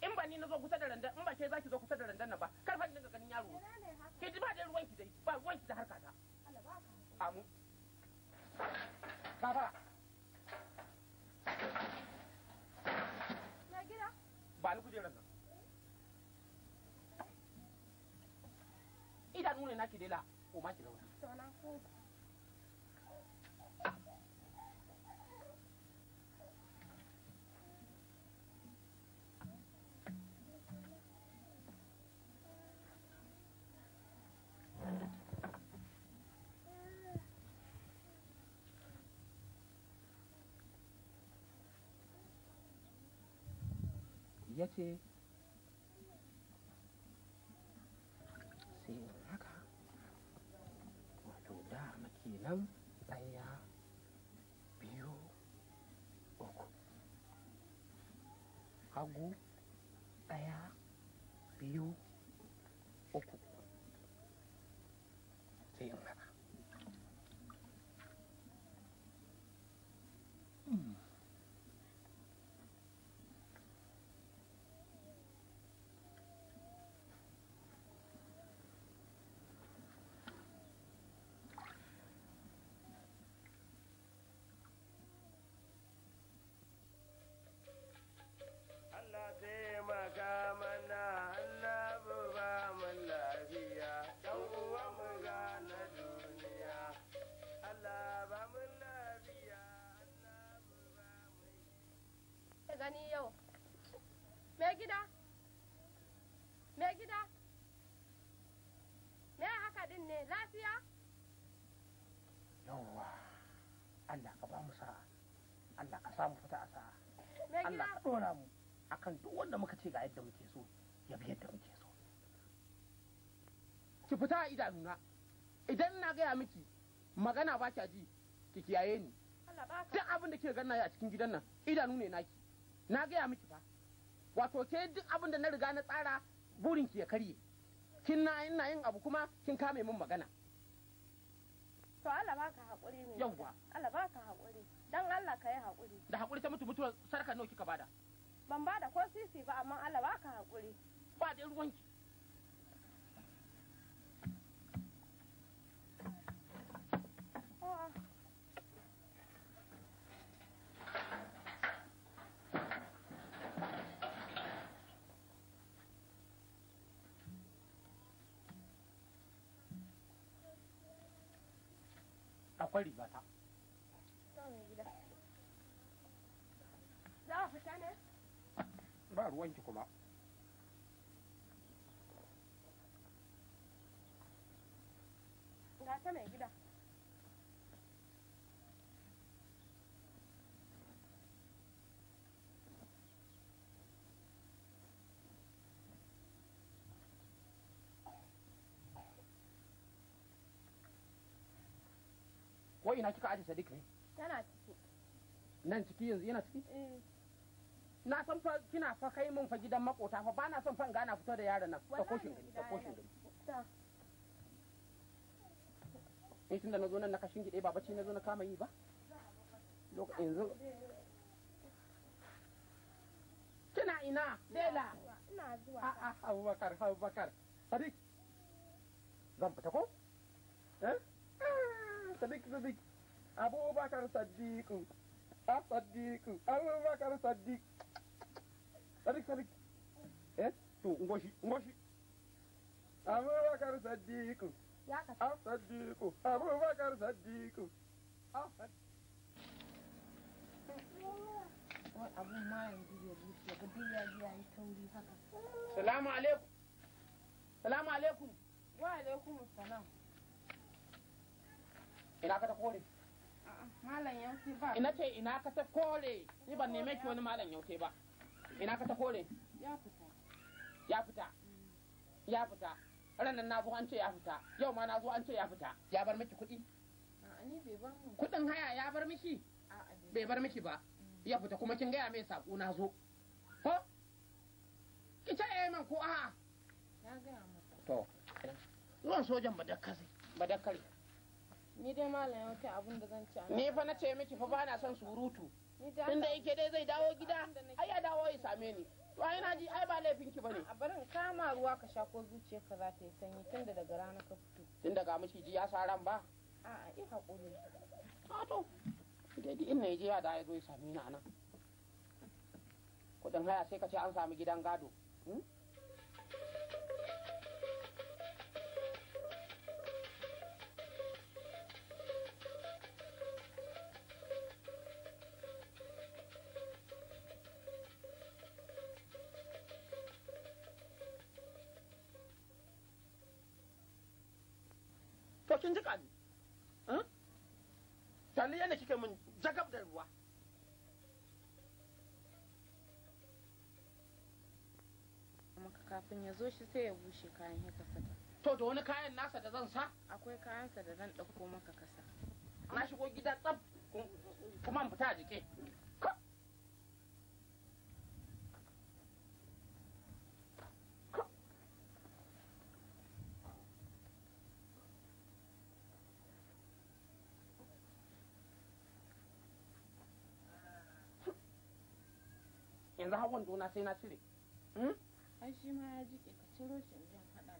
In ba na zo kusa da randan in ba ke zaki zo kusa da randan nan ba kar fa dinga ganin yaro. Ke ji ba da ruwanki dai ba ruwanki da harka ta. Na gida? Ba ni kujerar nan. ma ki Yeti hagu ɗaya biyu ɗora mu akan duk wanda muka ce ga yadda muke so ya bi yadda muke so ki fita a idanuna idan na gaya miki magana ba kya ji ki kiyaye ni duk abin da ke ganna a cikin gidan nan idanu ne naki na gaya miki fa wato ke duk abin da na riga na tsara burin ki ya karye kin na ina yin abu kuma kin kame min magana to Allah baka hakuri ne yawwa Allah baka hakuri dan Allah ka yi hakuri da hakuri ta mutu mutuwar sarka nawa kika bada ban ba da ko sisi ba amma Allah ba ka haƙuri ba dai ruwanki akwai rigata ba ruwanki kuma ga ta mai gida ko ina kika aje sadiq ne tana ciki nan ciki yanzu yana ciki eh na san fa kina fa kai mun fa gidan makota fa ba na son fa in gana fito da yaron nan ta koshin gari ta koshin gari in tunda na zo nan na kashin gide ba bacci na zo na kama yi ba yanzu kina ina dela ina zuwa a a abubakar abubakar sadiq zan fita ko eh ah, sadiq sadiq abubakar sadiq a ah, sadiq abubakar sadiq tarik tarik eh to ngoshi ngoshi abubakar sadiku ya ka a sadiku abubakar sadiku a abun ma yanzu ya zuciya ba duk ya ji yayi tauri haka salamu alaikum salamu alaikum wa alaikum salam ina ka ta kore malam yauke ba ina ce ina ka ta kore ni ban neme ki wani malam yauke ba ina ka taho ne ya fita ya fita ya fita ranar na zo an ce ya fita yau ma na zo an ce ya fita ya bar miki kuɗi kuɗin haya ya bar miki bai bar miki ba mm. ya fita kuma kin gaya mai saƙo na zo ko ita ya man ko a'a ya gaya mata to ruwan sojan ba badakkari ni dai malam ya wuce abin da zan ci ni fa na ce miki fa ba na son surutu Tunda yake dai zai dawo gida, ai ya dawo ya same ni. To ai na ji ai ba laifin ki bane. A barin kama ruwa ka sha ko zuciyarka za ta yi sanyi da daga rana ka fito. Tun daga mishi ji ya sa ran ba. a yi hakuri. A to. Dai in ne je ya da ya zo ya same ni a nan. Kudin haya sai ka ce an sami gidan gado. Hmm? to kin jika ni kalli yana kike min jagab da ruwa maka kafin ya zo shi sai ya bushe kayan ya kasa to da wani kayan nasa da zan sa akwai kayansa da zan ɗauko maka kasa na shigo gida tsab kuma fita jike yanzu har wando na sai na cire hmm? ai shi ma ya jike shi in hada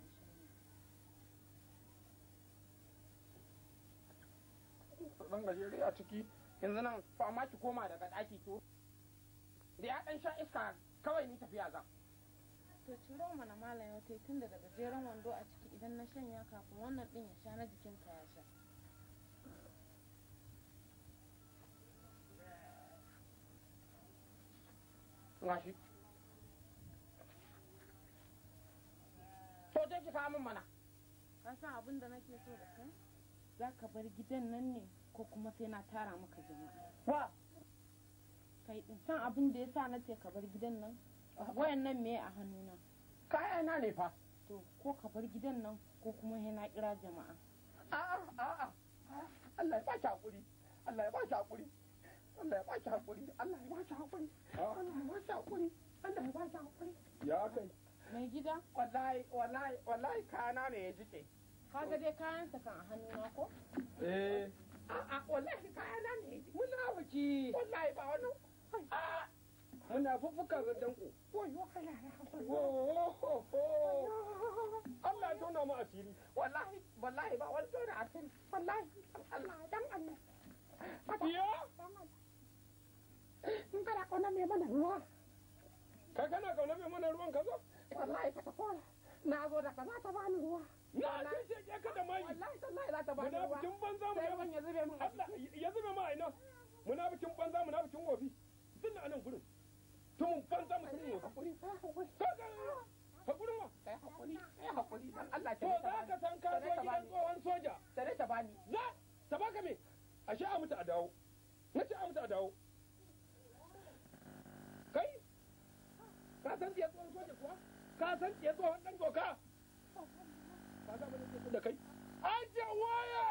da shi a ciki yanzu nan fa amma ki koma daga daki to da ya ɗan sha iska kawai ni tafiya zan to ciro mana malam yau tun da gajeren wando a ciki idan na shanya kafin wannan din ya sha na jikin ka ya sha gashi to dai ki kawo mana ka san abin da nake so da kai za ka bar gidan nan ne ko kuma sai na tara maka jama'a wa kai din san abin da yasa na ce ka bar gidan nan wayan nan me a hannuna kaya na ne fa to ko ka bar gidan nan ko kuma sai na kira jama'a a'a a'a Allah ya ba ki hakuri Allah ya ba ki hakuri Allah ya ba haƙuri Allah ya ba haƙuri Allah ya haƙuri Allah ya ba haƙuri ya kai mai gida wallahi wallahi wallahi kana ne ya jike kaga dai kayan sa kan a hannuna ko eh a'a wallahi kayana ne muna waki wallahi ba wannan a'a muna fuffuka da danko wayo kana ya Allah ya tona mu asiri wallahi wallahi ba wani tona asiri wallahi Allah dan Allah Adiyo? in kana mai mana ruwa ka kana kauna mai mana ruwan ka zo wallahi ka na zo da ta bani ruwa na ce ce ke ka da mai wallahi tallahi za ta bani ruwa banza mu yawan ya zube Allah ya zube banza wofi dinna anan gurin tumun banza mutumin wofi ka ga kai hakuri kai hakuri dan Allah ta to za ka san ka zo gidan tsohon soja tare ta bani za ta baka me ashe a mutu a dawo nace a mutu a dawo ka san tiyar tsohon soja kuwa ka san tiyar tsohon dan doka ba za mu da kai aje waya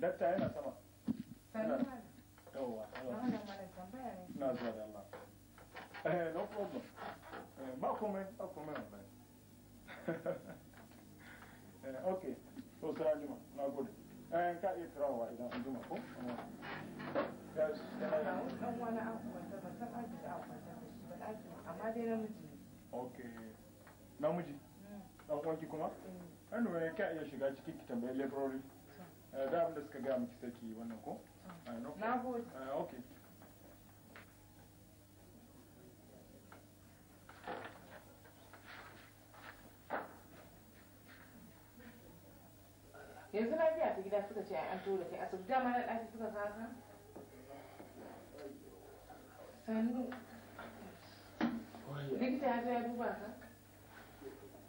dakta yana sama yawwa na zuwa da Allah no problem eh ba komai ba komai okay na gode eh ka iya tirawa idan an juma ko yes okay namiji dan uwanki kuma anyway ka iya shiga cikin ki tambayi laborori da abin da suka gaya miki saki wannan ko Ah, nou, no Na voet. oké. Okay. Yanzu lafiya ta gida suka ce an tura kai asibiti dama na ɗaki suka kasa? Sannu. Likita daar zo duba ka?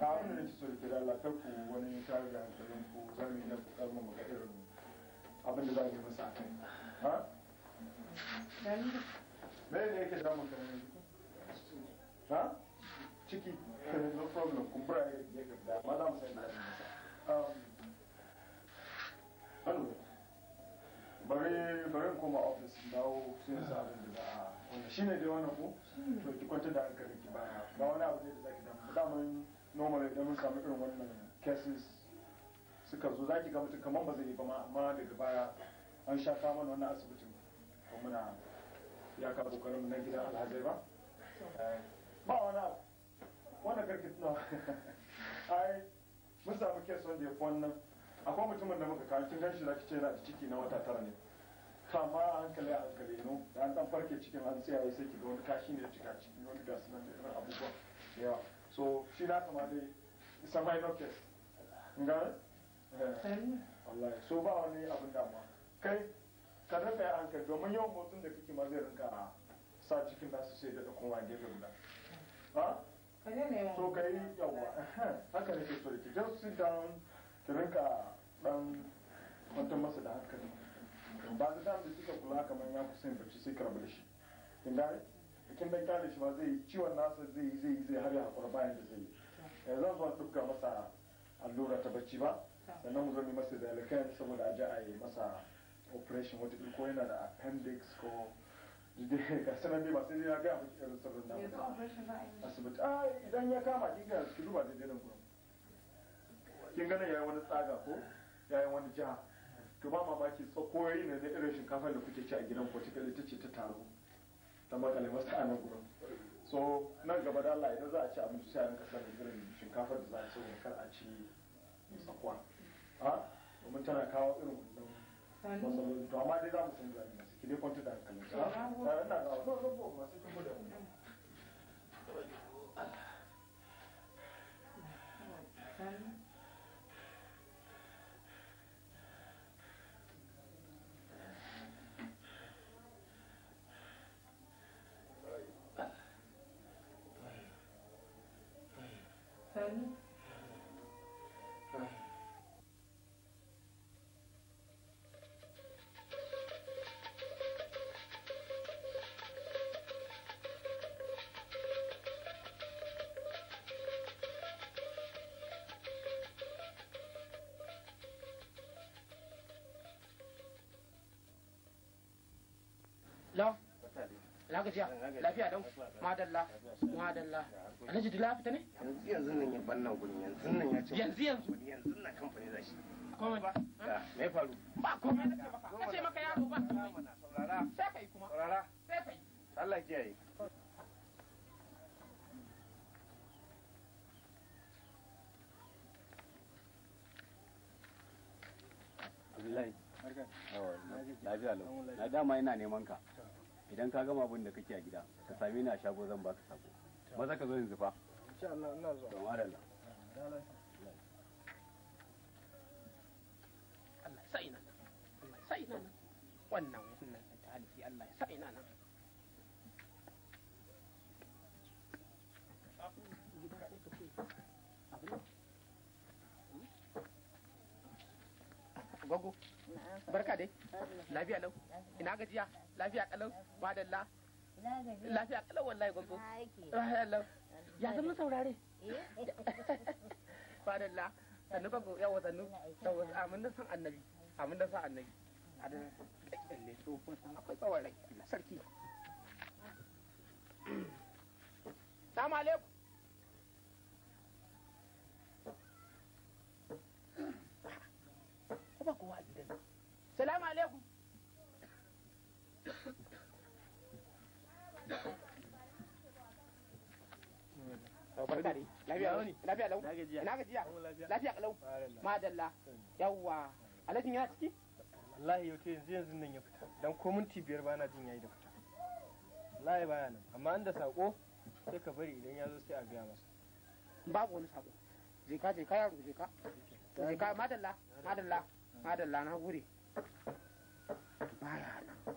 a wani da so da Allah kar ku wani tare da hankalin ku za mu yi na kokar mu ga irin abin da za a yi masa a kai ha me ne yake damun mu ne ha ciki no problem kumbura ya ga da ma za mu sai na masa Hello. bari bari koma ofis dawo sai sa abin da a wannan shine dai wannan ko to ki kwanta da hankali ki baya ba wani abu ne da zaki damu daman normal idan mun samu irin wannan cases suka zo zaki ga mutum kamar ba zai yi ba amma daga baya an sha kama wannan asibitin ko muna ya ka kokarin na gidan alhaji ba ba wani abu wannan karki tuna ai mun samu case wanda ya wannan akwai mutumin da muka kawo kin shi zaki ce yana da ciki na wata tara ne kama a hankali a hankali no da an dan farke cikin an tsaya sai ki ga wani kashi ne ya cika ciki wani gasu nan da irin abubuwa da yawa so shi na kama dai isa minor case nga eh. so ba wani abin damuwa kai ka rinka an kai, domin yawan motsin da kake ma zai rinka sa cikin nasu sai da kowa gefe guda ha so kai yi yawa haka nake so da ki just sit down ki rinka dan kwantar masa da hankali ba da da kika kula kamar ya kusa yin bacci sai ka rabu da shi kin dan kare shi ma zai ciwon nasa zai zai zai har ya hakura bayan da zai yi eh, zan zuwa dukkan masa allura ta bacci ba sannan mu zo mu masa zalikan saboda a ji a yi masa operation wata ko yana da appendix ko ga sanan dai ba sai ya ga da irin sabon na asibiti a ah, idan ya kama kin ga su duba da jinin gurin kin gane yayi wani tsaga ko yayi wani jiha to ba mamaki ko ne na irin shinkafa da kuke ci a gidan ko ta ce ta taro ta makale masu a nan gurin so nan gaba da Allah idan za a ci abinci sai a rinka sanin irin shinkafar da za a ci kar a ci sakwa a domin tana kawo irin wannan matsaloli to amma dai za mu san zani masu ki dai kwanta da hankali ta ina ga wannan rabu masu kuma da mu Thank you. ina gajiya lafiya don madalla madalla alhaji dila fita ne yanzu yanzu nan ya bannan gurin yanzu nan ya ce yanzu yanzu yanzu nan kamfani za shi komai ba me faru ba komai na ce maka na ce maka yaro ba saurara sai kai kuma saurara sai kai Allah kiyaye Abdullahi, lafiya lau, na dama ina neman ka. idan ka gama abin da kake a gida ka same ni a shago zan baka sako ba za ka zo yanzu fa insha Allah ina zuwa don Allah Allah sai nan Allah sai nan wannan wannan ta Allah sai nan barka dai lafiya lau ina gajiya lafiya kalau la lafiya kalau wallahi lafiya lau ya zama saurare ba eh? la sannu gwambo yawa sannu amin ah, da san annabi amin ah, da san annabi a da kyakkyalle tsohon san akwai tsawon rai sarki Assalamu alaikum. barka dai lafiya lau lafiya lau ina gajiya lafiya kalau madalla yawwa alhajin yana ciki wallahi yau yanzu yanzu nan ya fita dan ko minti biyar bana jin yayi da fita wallahi baya nan amma an da sako sai ka bari idan ya zo sai a gaya masa babu wani sako je ka je ka yaro je ka je ka madalla madalla madalla na gure baya nan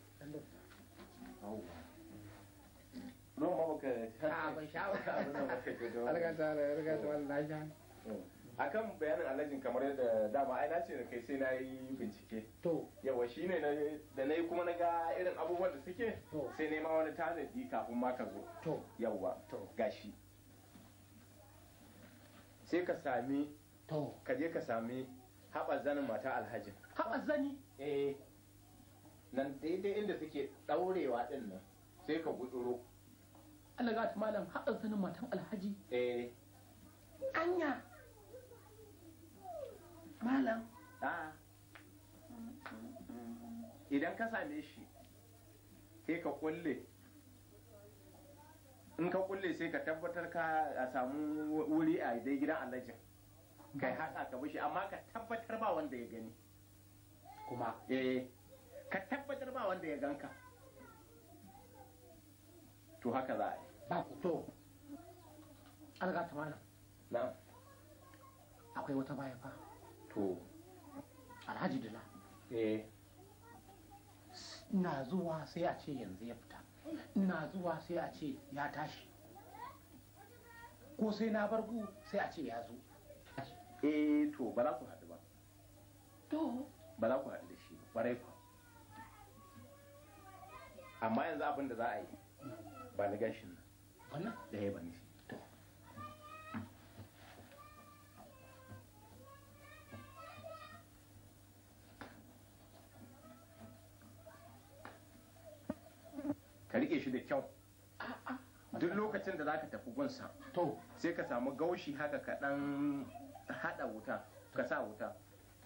muka akan bayanin alhajin kamar yadda dama ai na ce da kai sai na yi bincike to yawa shi ne da na yi kuma na ga irin abubuwan da suke sai nema wani tanadi kafin ma ka zo to yawa gashi sai ka sami to ka je ka sami haɓa zanin mata alhajin haɓa zani eh nan daidai inda suke ɗaurewa ɗin nan sai ka guduro Allah ga malam haɗa sanin matan alhaji eh anya malam a ah. idan ka same shi sai ka kulle in ka kulle sai ka tabbatar ka a samu wuri a dai gidan alhajin kai haka ka bushe. amma ka tabbatar ba wanda ya gani kuma eh ka tabbatar ba wanda ya ganka to haka za a yi ba ku to alga ta malam na akwai wata baya fa to alhaji dila eh ina zuwa sai a ce yanzu ya fita ina zuwa sai a ce ya tashi ko sai na bargu sai a ce ya zo eh to ba za ku haɗu ba to ba za ku haɗu da shi ba ƙwarai ku amma yanzu abin da za a yi ba na nan wannan da ya bani shi ka rike shi da kyau duk lokacin da za ka tafi gunsa to sai ka samu gaushi haka ka wuta ka sa wuta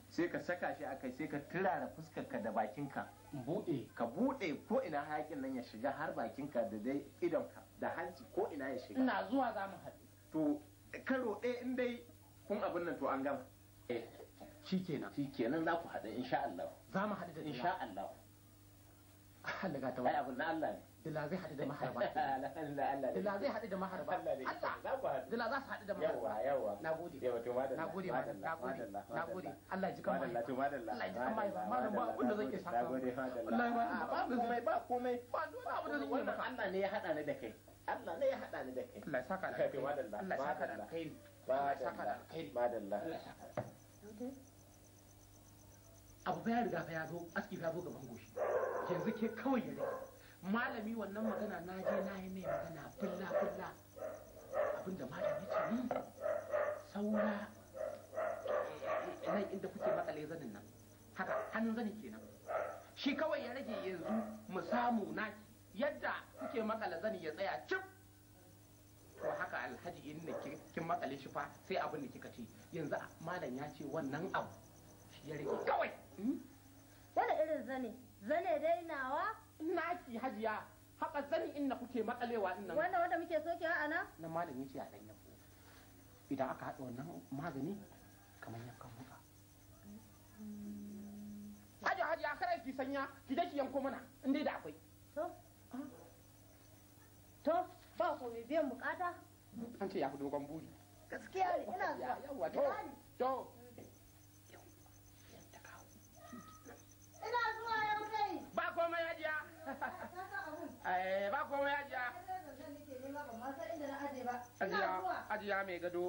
sai ka saka shi akai sai ka turara fuskarka da bakinka buɗe ka buɗe ko ina hayakin nan ya shiga har bakinka da dai idonka da hanci ko ina ya shiga ina zuwa za mu haɗu to karo ɗaya in dai kun abin nan to an gama eh, shi kenan shi kenan za ku haɗu insha Allah za mu haɗu da insha Allah Allah ga ta wai abin na Allah ne dila zai haɗu da maharba dila zai haɗu da maharba Allah dila za su haɗu da maharba yawa na gode yawa to madalla na gode na gode na gode Allah ji kan to madalla Allah ji kan malam ah, ba abin da zan ke shaka gode madalla Allah ba ba komai ba dole abin da zan yi maka Allah ne ya haɗa ni da kai Allah ne ya haɗa ni da kai Allah saka da kai madalla Allah saka da kai saka da kai madalla abu fa ya riga ya zo aski fa zo gaban goshi yanzu ke kawai ya malami wannan magana na je na yi mai magana fulla fulla abinda malami ke yi saura nan inda kuke makale zanin nan haka hannun zani kenan shi kawai ya rage yanzu mu samu naki yadda kuke makale zani ya tsaya cip to haka alhaji in ne kin makale shi fa sai abin da kika ce yanzu malam ya ce wannan abu shi ya rage kawai wani irin zane zane dainawa naki hajiya haka sani inda kuke matsalewa din nan wanda wanda muke sokewa a nan nan malami ce a dan yanko idan aka haɗa wannan magani kamar yankan wuka Haji hajiya a kare ki sanya ki je ki yanko mana in dai da akwai to to ba ku me biyan bukata an ce ya fi dogon buri gaskiya ne ina zuwa yawa to to eh ba komai ajiya ajiya ajiya mai gado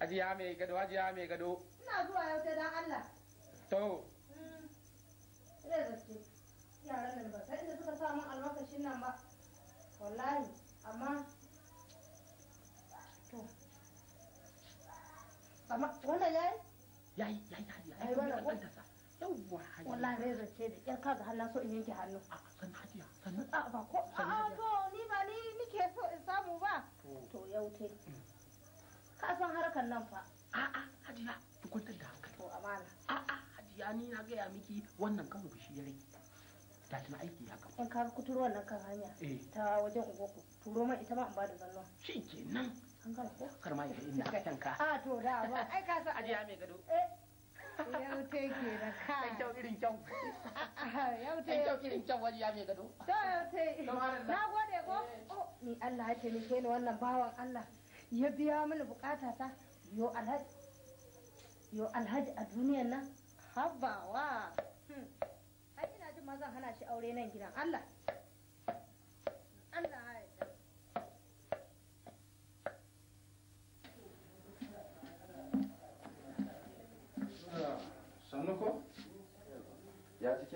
ajiya mai gado ajiya mai gado ina zuwa yau sai dan Allah to hmm. yaran nan ba sai inda suka samu nan ba wallahi amma to amma wannan yayi yayi yayi yayi wannan yawwa wallahi zai zace da yar kaga hannu so in yanke hannu a san hajiya sannan a ba ko a to ni ba ni nike so in samu ba to yaute mm. ka san harkan nan fa a a hajiya ki kwantar da hankali to amana a a hajiya ni na gaya miki wannan kan ku shi yare ta tana aiki ya kama in ka kuturo wannan kan hanya eh. ta wajen ugoku turo man ita ma ba da zallon shi kenan an gama ko karma ya ina ka tanka a to da ba ai ka san hajiya mai gado eh yau te oh, ke da ka kai ya mai gado to ni Allah wannan bawan Allah ya biya mini bukata ta yo alhaji a duniyar nan habawa hmm. ai ina jin zan hana shi aure nan gidan Allah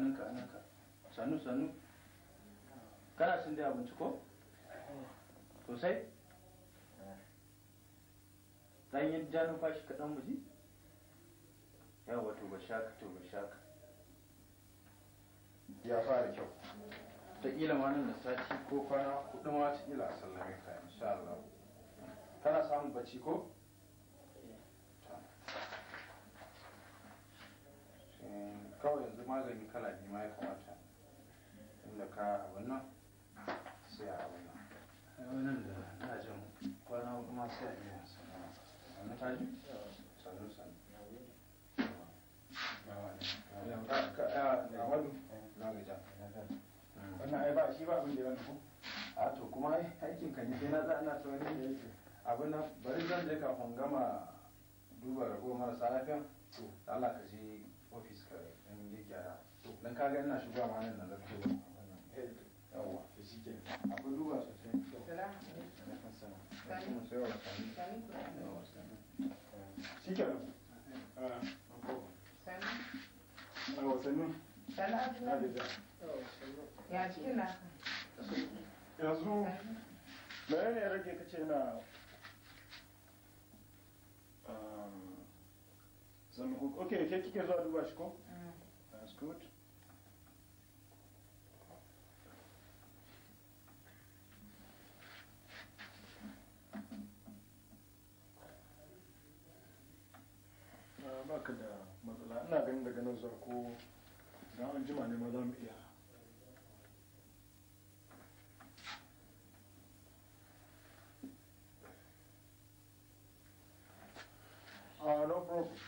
hannunka hannunka sannu sannu kana sun da abinci ko sosai dan yin ja numfashi kaɗan muji yawa to ba shaka to ba shaka ya fara kyau ta ƙila ma nan da sati ko kwana kuɗin wata ƙila a sallame ka insha Allah kana samun bacci ko kawai yanzu magani kala ne ma ya kamata inda ka wannan sai a wannan ai wannan da na jin kwana hudu ma sai a yi sannan ka ji sannan sannan wannan ai ba shi ba abin da ya ko a to kuma aikin kan yi na za ana ta wani da yake abin nan bari zan je kafin gama duba ragowar marasa lafiya to Allah ka je ofis ka zai gyara don kaga ina shiga ma nan abu ah, ah, yanzu ya rage kace na um, ok ke kike zuwa duba shi ko? Mm. gut. baka da matsala ina ganin daga nan zarko don an jima ne ma za mu iya Uh, no problem.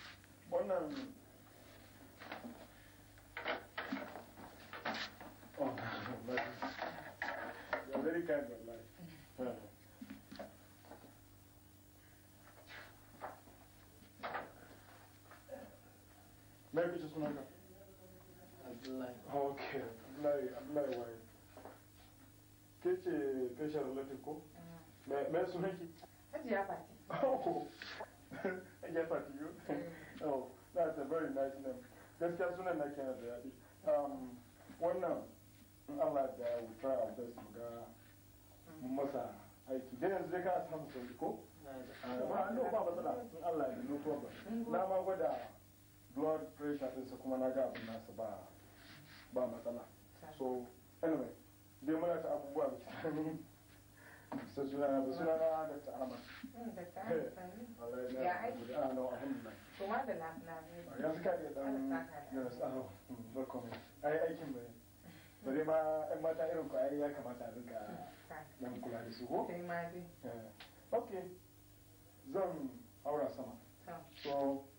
me kake sunanka abdullahi okay abdullahi abdullahi waye ke ce tashar latin ko me sunanki hajiya fati oh mm. oh that's a very nice name gaskiya na kenan da yaɗi wannan in we try our best mu ga masa aiki dai yanzu dai ka samu sauki ba no problem na ma gwada blood pressure ɗinsa kuma na ga abin nasa ba ba matsala so anyway dai muna ta abubuwa da suna hmm, eh, na suna ah, na da ya oh, hmm, aikin bai ma ɗan mata irin ku ya kamata a rinka hmm, kula da su ko eh, zan haura sama so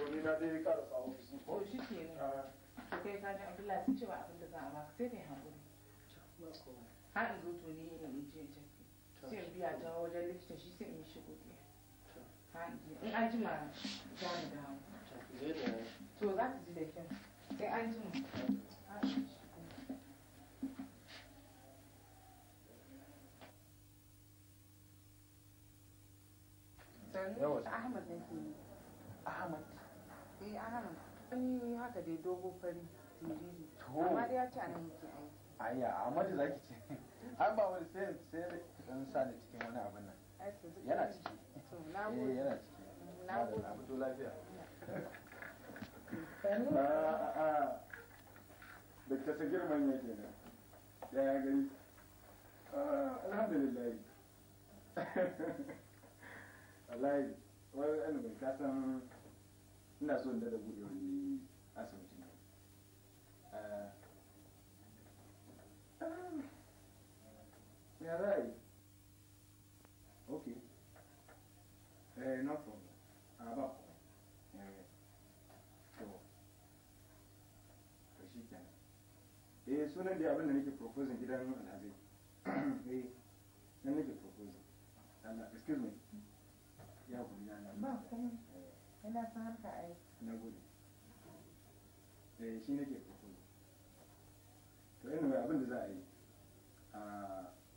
to ni na dai ko shi ke ne to kai ka ji sun ce ba abin da za a baka sai har in zo to ni in je sai in biya ta wajen likita shi sai in in an jima za mu to za ji da kyau sai an jima Eh, anan. Aya, zaki ce. An ba wani sai sai sa cikin wani abin nan. Eh, yana ciki. yana mm, ciki. Na Na lafiya. A'a. Ah, ah, ah. Dakta girman yake ne. Wallahi, wani ɗan bai kasan ina so in da buɗe wani asibitin ah, ya za yi ok eh no a ah, ba eh to ka shi kenan eh sunan da abin da nake proposing gidan alhazai eh nan nake proposing Allah excuse me ya kuma ya Allah ba komai yana san harka ai na gode eh shi nake fito to mai abin da za a yi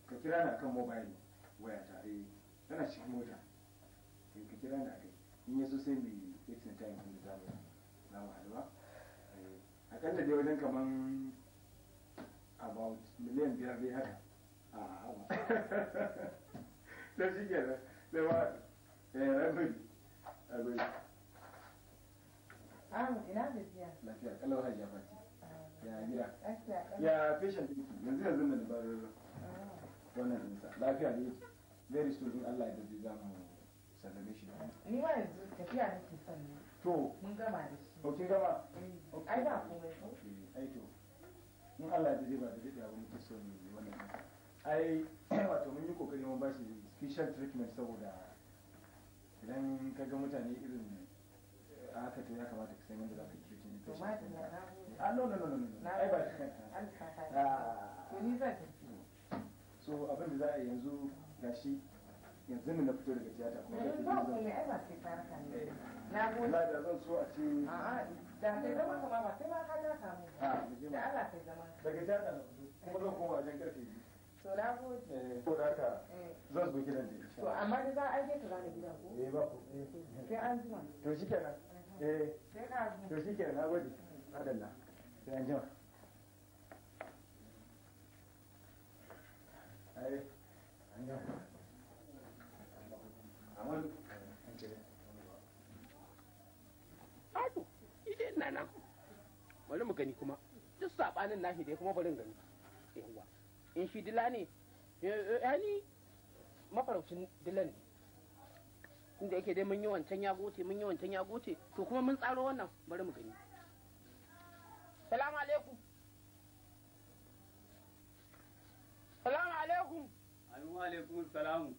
ka kira ni akan mobile waya ta eh tana cikin mota in eh, ka kira ni kai, in yaso sai mu fixin time din da za mu za mu haɗu ba eh, akalla dai wajen kaman about miliyan biyar dai haka a hawa don shi ke kenan da ba a eh a rabi Ahmad ina Lafiya Ya ah, Ya yanzu ah. wannan Lafiya ne. Very soon in Allah ya dace za sallame shi. Ni ma yanzu tafiya nake son ne. To. Mun gama da shi. To kin gama? Eh, ai ba komai ko? Ai to. In Allah ya ba da son wannan Ai wato mun yi kokari mun ba shi special treatment saboda idan ka ga mutane irin haka to ya kamata ka san yadda za ka yi cutin ta shi a no no no no no ai ba ka ce. Ah. Hmm. so abin da za a yanzu gashi yanzu na fito daga tiyata kuma kake yi ne. na da zan so a ce a'a da kai zama ah. kuma ba sai ma ka ja samu ah, da Allah kai zama daga tiyata na fito kuma zan koma wajen karfe biyu to na gode ko da ka zan zo gidan da to amma da za a je ka gane gidan ko eh ba ko sai an zuwa to shikenan eh to shi ke na gode adalla sai an jima ai an jima amadu an jira Ato, ide ina wani mu gani kuma. Duk saɓanin nashi dai kuma barin gani. Yawwa. In shi dila ne, yani eh, eh, eh, mafaraucin dila ne. inda yake dai mun yi wancan ya gote, mun yi wancan ya gote, to kuma mun tsaro wannan bari mu gani salamu alaikum salamu alaikum alaikum alaikum salamu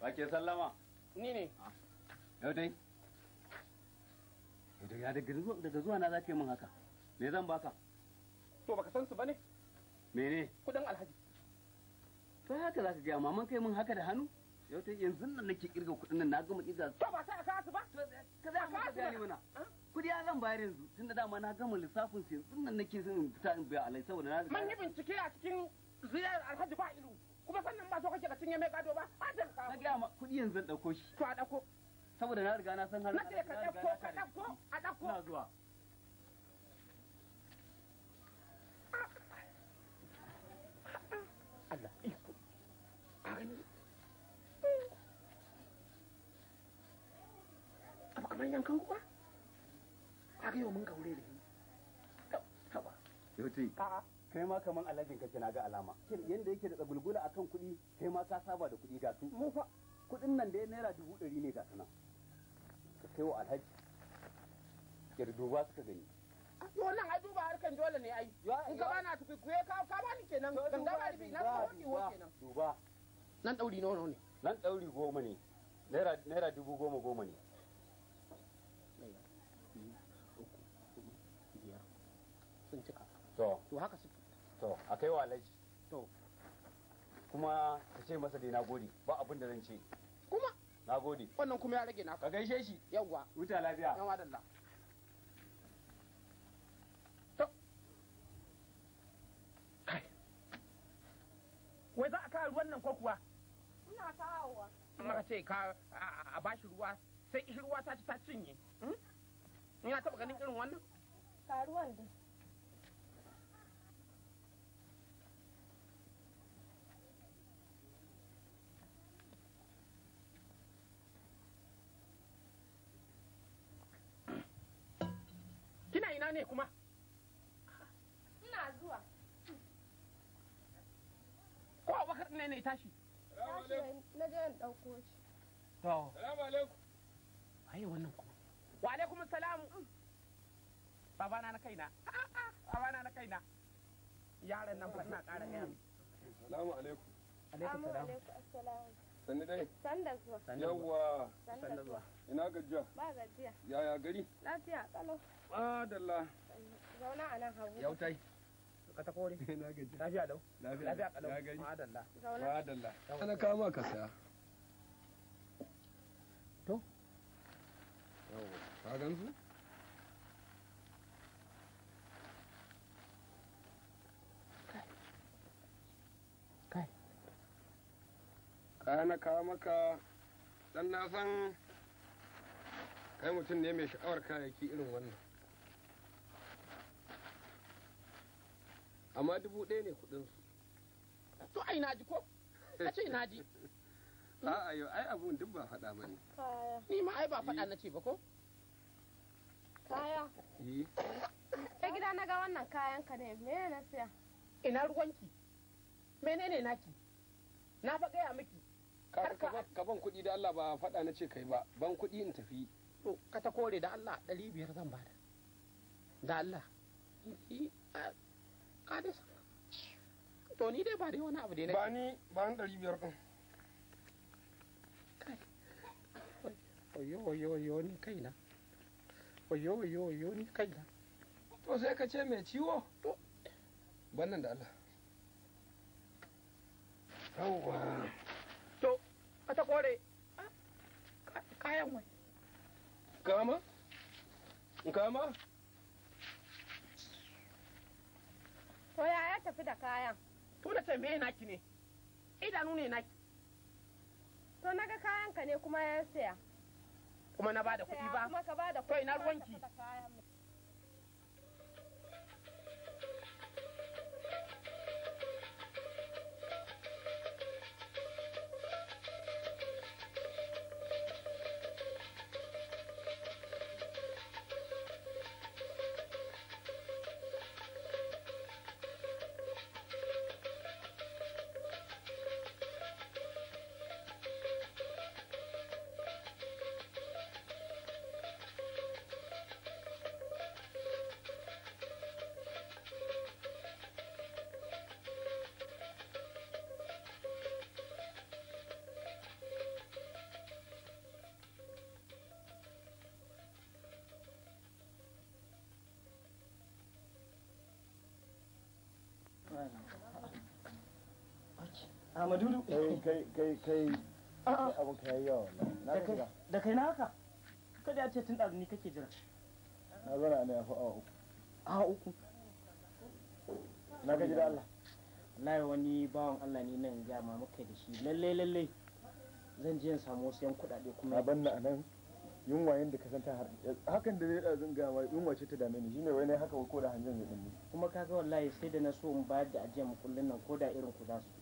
ba ke sallama ni ne ah, yau dai yau dai ya daga zuwa na za ke min haka me zan baka to baka san su bane mene kudin alhaji to haka za ka gaya maman kai mun haka da hannu yau ta yanzu nan nake kirga kudin nan na gama kirga to ba sai a kasu ba eh, ka za ka asu ne mana kudi ya zan bayar yanzu tunda dama na gama lissafin su yanzu nan nake son in fita in biya alai saboda na man yi bincike a cikin ziyarar alhaji ba ilu kuma sannan ba so kake ka cinye mai gado ba a ta ka na ga ma kudi yanzu zan dauko shi to a dauko saboda na riga na san har na ce ka dauko ka ɗauko a dauko na zuwa kamar ma kamar alhajin kake na ga alama yanda yake da tsagulgula akan kuɗi kai ma ka saba da kuɗi ga su mu fa kuɗin nan da naira dubu ɗari ne ga su nan ka kai wa alhaji kirduba suka gani to wannan ai duba harkan dole ne ai in ka bana tuku kuye ka ka bani kenan dan da bari na ka wani wo kenan duba nan dauri nono ne nan dauri goma ne naira naira dubu goma goma ne to to haka su to a kai wa alaji to kuma ka ce masa dai na gode ba abin da zan ce kuma na gode wannan kuma ya rage na ka gaishe shi yawwa wuta lafiya To. Kai. wai za a kawo ruwan nan ko kuwa ina kawowa amma ka ce ka a bashi ruwa sai ruwa ta ci ta cinye hmm? ina taba ganin irin wannan karuwan dai. ne kuma ina zuwa ko a bakar ne ne tashi na je in ɗauko shi to salamu alaikum ai wannan kuma wa alaikum salamu baba na na kaina baba na na kaina yaran nan fa ina ƙara gaya salamu alaikum alaikum alaikum salam sanda dai? Sanda zuwa. Yawwa. Sanda zuwa. Ina gajiya? Ba gajiya. Yaya gari? Lafiya kalau. Madalla. Zauna a nan hagu. Yautai. Ka ta kore. Ina gajiya. Lafiya dau Lafiya kalau. ba gari. Madalla. Zauna. Madalla. Ana kama ka saya. To. Yawwa. Ka gan su? kaya na kawo maka dan na san kai mutum ne mai sha'awar kayayyaki irin wannan amma dubu ɗaya ne kudinsu to ai na ji ko a ce na ji. a'a yau ai abun duk ba faɗa ba ne ni ma ai ba faɗa na ce ba ko kaya ta gida na ga wannan kayan ka ne me na siya ina ruwanki menene naki na faɗa gaya miki ka ban kuɗi da Allah ba faɗa na ce kai ba ban kuɗi in tafi to ka ta kore da Allah ɗari biyar zan bada da Allah to ni dai ba dai wani abu dai na ba ni ba ni ɗari biyar ɗin oyo oyo oyo ni kaina oyo oyo oyo ni kaina to sai ka ce mai ciwo to bannan da Allah yawwa wata kore kayan gama gama to tafi da kayan to da tambaye naki ne idanu ne naki to naga kayan ka ne kuma ya saya kuma na bada kuɗi ba kuma ka ruwanki Ahmadudu. Kai kai kai kai abun kai yawa Da kai na haka. Kada ya ce tun ɗazu ni kake jira. Na zana ne a fi awa uku. Awa uku. Na gaji da Allah. Wallahi wani bawan Allah ne nan ya ma muka da shi lalle lalle zan je in samu wasu yan kuɗaɗe kuma. A banna a nan yunwa yadda ka ta har hakan da zai ɗazun gawa yunwa ce ta dame ni shine wani haka ko da hanjin zai ɗin kuma kaga wallahi sai da na so in bayar da ajiyar kullun nan ko da irin ku za su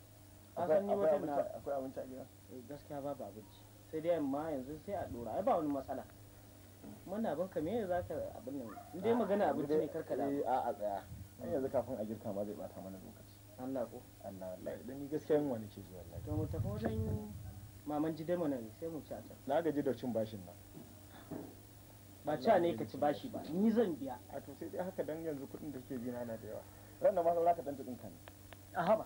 akwai abinci a gida eh, gaskiya babu abinci sai dai yamma yanzu sai a dora ai ba wani matsala muna bin ka me za ka abin nan in dai ah, magana abinci ne karkada eh, a a tsaya hmm. ai yanzu kafin a girka ma zai bata mana lokaci Allah ko Allah Allah dan ni gaskiya yin wani ce zuwa Allah to mu tafi wajen maman jide mana ne sai mu ci a can na gaji da cin bashin nan ba ca ne ka ci bashi ba ni zan biya a to sai dai haka dan yanzu kuɗin da ke bi na da yawa ranar ma za ka dan tudin ka ne a haba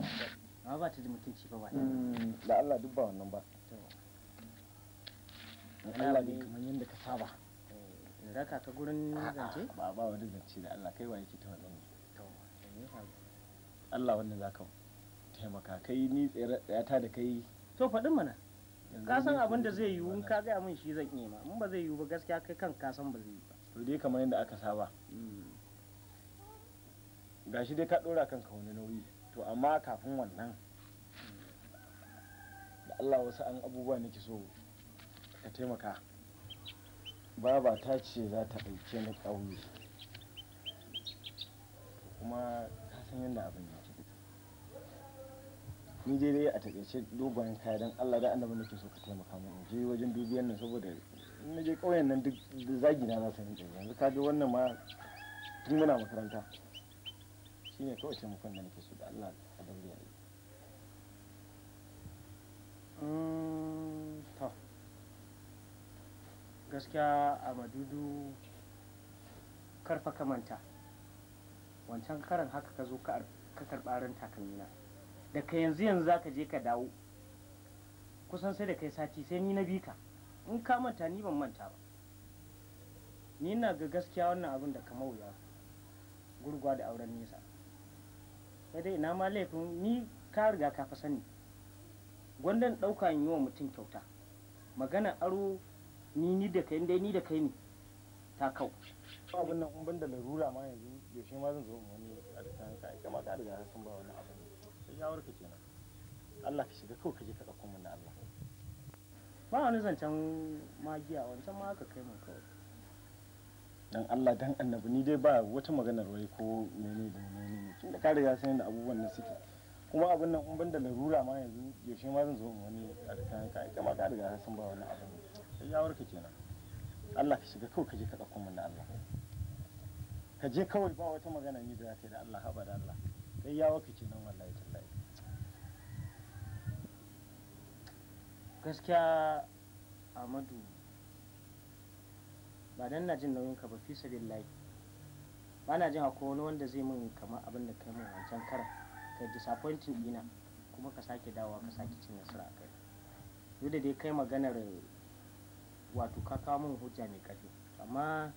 amma ba ta da mutunci ba ba hmm, da Allah duk ba wannan ba Allah ne kamar yadda ka saba raka eh, ka gurin zance ba ba wani zance da Allah kai waye ke ta wannan ne Allah wannan zaka taimaka kai ni tsayata ta da kai to faɗin mana ka san abin da zai yiwu in ka gaya min shi zan yi ma Mun ba zai yiwu ba gaskiya kai kan ka san ba zai yi ba to dai kamar yadda aka saba hmm. gashi dai ka ɗora kanka wani nauyi to amma kafin wannan da allah wasu an abubuwa nake so ka taimaka baba ta ce za ta na ni ƙauye kuma ka san yadda abin yake ni je dai a taƙaice dogon kaya don allah da annabi nake so ka taimaka mu in je wajen dubiyan nan saboda in na je ƙauyen nan duk zagina za su rinƙa yanzu ka ga wannan ma tun muna makaranta shi ne kawai taimakon da nake so da Allah a daure ya yi to gaskiya a madudu karfa ka manta wancan karan haka ka zo ka karɓarin takalmina da ka yanzu yanzu za ka je ka dawo kusan sai da kai sati sai ni na bi ka in ka manta ni ban manta ba ni na ga gaskiya wannan abin da ka mawuya gurgwa da auren nesa sai dai ina ma laifin ni ka riga ka fa sani gwandan ɗauka in yi wa mutum kyauta magana aro ni ni da kai dai ni da kai ne ta kau abin nan in banda larura ma yanzu yaushe ma zan zo mu wani a da kayan kai kama ka riga sun ba wani abu sai ya warka kenan Allah ka shiga kawai ka je ka ɗauko mun Allah ba wani zancen magiya wancan ma ka kai mun kawai dan Allah dan annabi ni dai ba wata maganar wai ko mene da mene ne tunda ka riga san da abubuwan da suke kuma abin nan in banda larura ma yanzu yaushe ma zan zo in wani a ka ita ma ka riga san ba wani abu sai ya warka kenan Allah ka shiga kawai ka je ka dauko mun da Allah ka je kawai ba wata magana ni da zaka da Allah haba da Allah sai ya warka kenan wallahi tallahi gaskiya Amadu ba dan na jin nauyin ka ba fi sabilillahi ba na jin akwai wani wanda zai min kama abin da kai min wancan karan kai disappointing dina kuma ka sake dawowa ka sake cin nasara a kai duk da dai kai maganar wato ka kawo min hujja mai karfi amma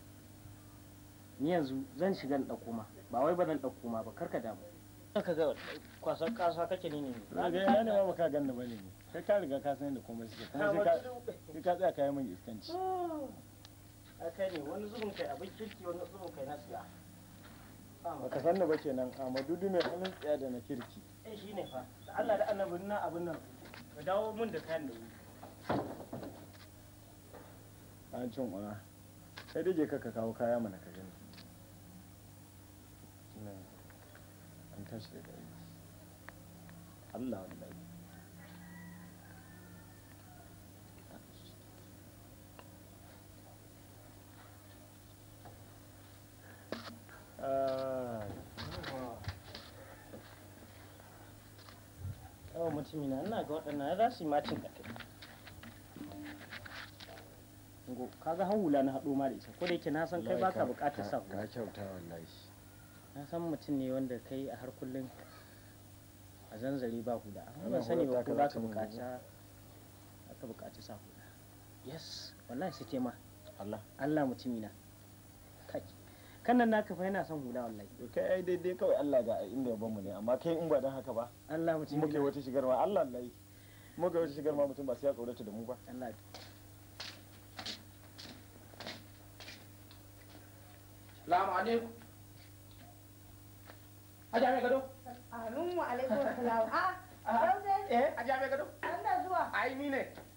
ni yanzu zan shiga in ɗauko ma ba wai ba zan ɗauko ma ba kar ka damu ka ga kwasan kasa kake ne ne na ga yana ba ka ganda bane ne kai ka riga ka san da komai suke kuma sai ka sai ka tsaya kai min iskanci oh. kai baka san ba kenan amma dudu mai hannun tsaya da na kirki eh ne fa da Allah da nan ka dawo mun da kayan da an cin sai dai je ka kawo kaya mana ka gani an tashi da Allah wallahi yawan mutumi na ina ga waɗannan za su yi macin da ngo kaga har hula na haɗo ma da isa ko da yake na san kai baka buƙatar sa ka kyauta wallahi na san mutum ne wanda kai a har kullum a zanzare ba hula amma ban sani ba ko buƙata sa hula yes wallahi sai ce ma Allah mutumi na kan nan naka fa yana son hula wallahi to kai ai daidai kawai Allah ga inda ya bamu ne amma kai in ba dan haka ba Allah mutum muke wata shigar ma Allah wallahi muke wata shigar ma mutum ba sai ya kaurata da mu ba Allah Salamu alaikum Aja mai gado Alaikum wa alaikum salam ah, ah, a Eh, aja mai gado. An zuwa. Ai ni ne.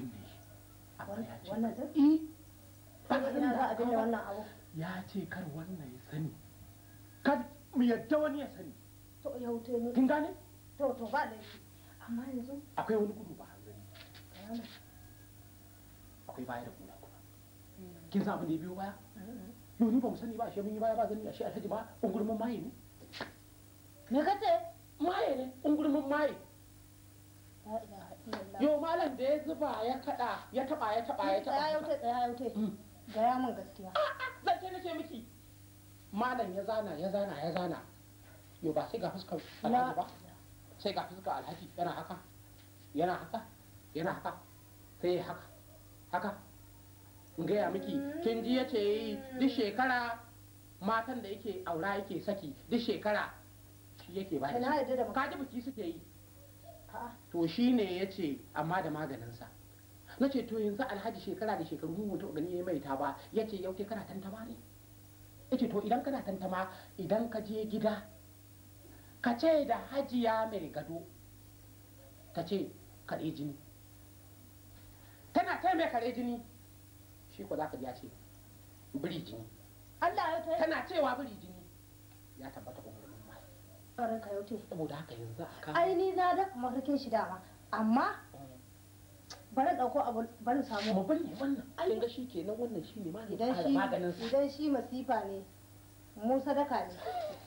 Eh. abin da yi ya ce kar wannan ya sani kar mu yadda wani ya sani to ya wuce ne kin gane to to ba da shi amma yanzu akwai wani gudu ba hanzari akwai baya da kula kuma mm. kin san abin da biyo baya ni ba mu sani ba ashe mun yi baya ba zan yi ashe alhaji ma maye ne me kace maye ne ungurmin maye la yau malam da ya zuba ya kada ya taba ya taba ya taba ya taba ya yaute mm. gaya min gaskiya zan ce nake miki malam ya zana ya zana ya zana yau ba sai ga fuskar alhaji ba sai ga fuskar alhaji yana haka yana haka yana haka sai haka haka in gaya miki kin ji ya ce yi duk shekara matan da yake aura yake saki duk shekara shi yake ba ka ji biki suke yi to shi ne ya ce amma da maganinsa na ce to yanzu alhaji shekara da shekaru mu mutu gani ya maita ba ya ce yau kana tantama ne ya ce to idan kana tantama idan ka je gida ka ce da hajiya mai gado ta ce kare jini tana ta mai kare jini shi ko za ka ya ce biri jini Allah ya tana cewa biri jini ya tabbata kuma tsaron saboda haka yanzu aka ai ni na da mafarkin shi dama amma mm. bari dauko abu bari samu wannan ga shi kenan wannan shi ne shi idan shi masifa ne mu sadaka ne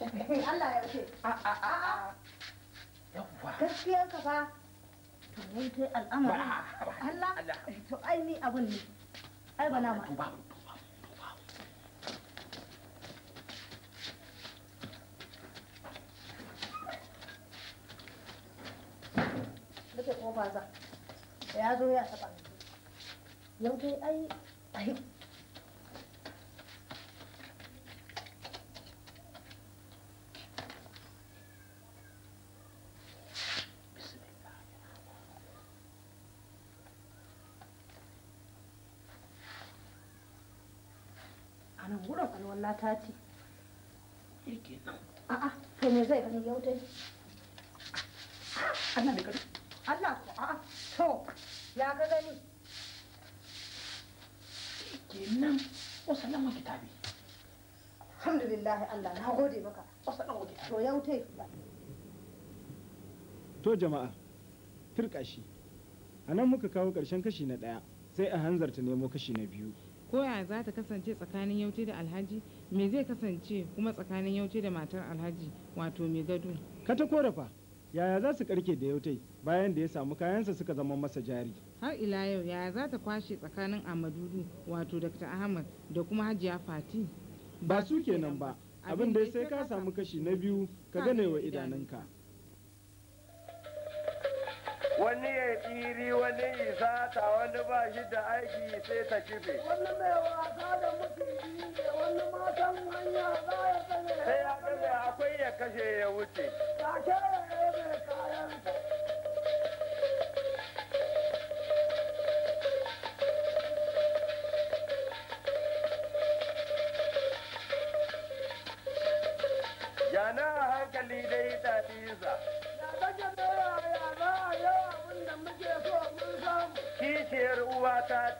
Allah ya ce a a a gaskiyar ka fa to mun kai al'amarin Allah to ai ni abun ne ai bana ma rufe kofa za da ya zo ya taba yau dai ai ai wurin alwala ta ce a'a to me zai gani yau dai Allah ku a to ya ga gani kenan wasa nan wake tabi alhamdulillah Allah na gode maka wasa nan wake to ya wuce to jama'a firka shi a nan muka kawo ƙarshen kashi na ɗaya sai a hanzarta nemo kashi na biyu koya za ta kasance tsakanin yauce da alhaji me zai kasance kuma tsakanin yauce da matar alhaji wato mai gado ka ta korafa yaya za su karke da yautai bayan da ya samu kayansa suka zama masa jari har ila yau yaya za ta kwashe tsakanin amadudu wato dr ahmad da kuma hajiya fati ba su kenan ba abin da ya sai ka samu kashi na biyu ka gane wa idanunka wani ya tsiri wani isata wani ba shi da aiki sai ta kife wani mai wasa da mutum ne wani matan hanya za ya tsaye sai ya tsaye akwai ya kashe ya wuce ta kere ya mai kayan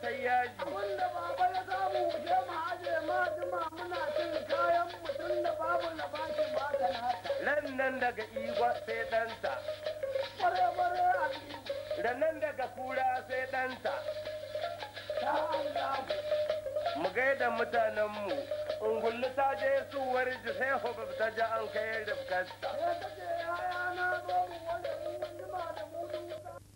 sai yaji abinda baba ya samu je mu aje ma jima muna cin kayan mutum da babu na bashi ba ta nan nan daga igwa sai ɗanta bare bare da nan daga kura sai ɗanta ta Allah mu gaida mutanenmu ungulli ta je su warji sai hubab ta ji an kai rifkarta. Ya take yaya na zo mu wajen mun jima da mudu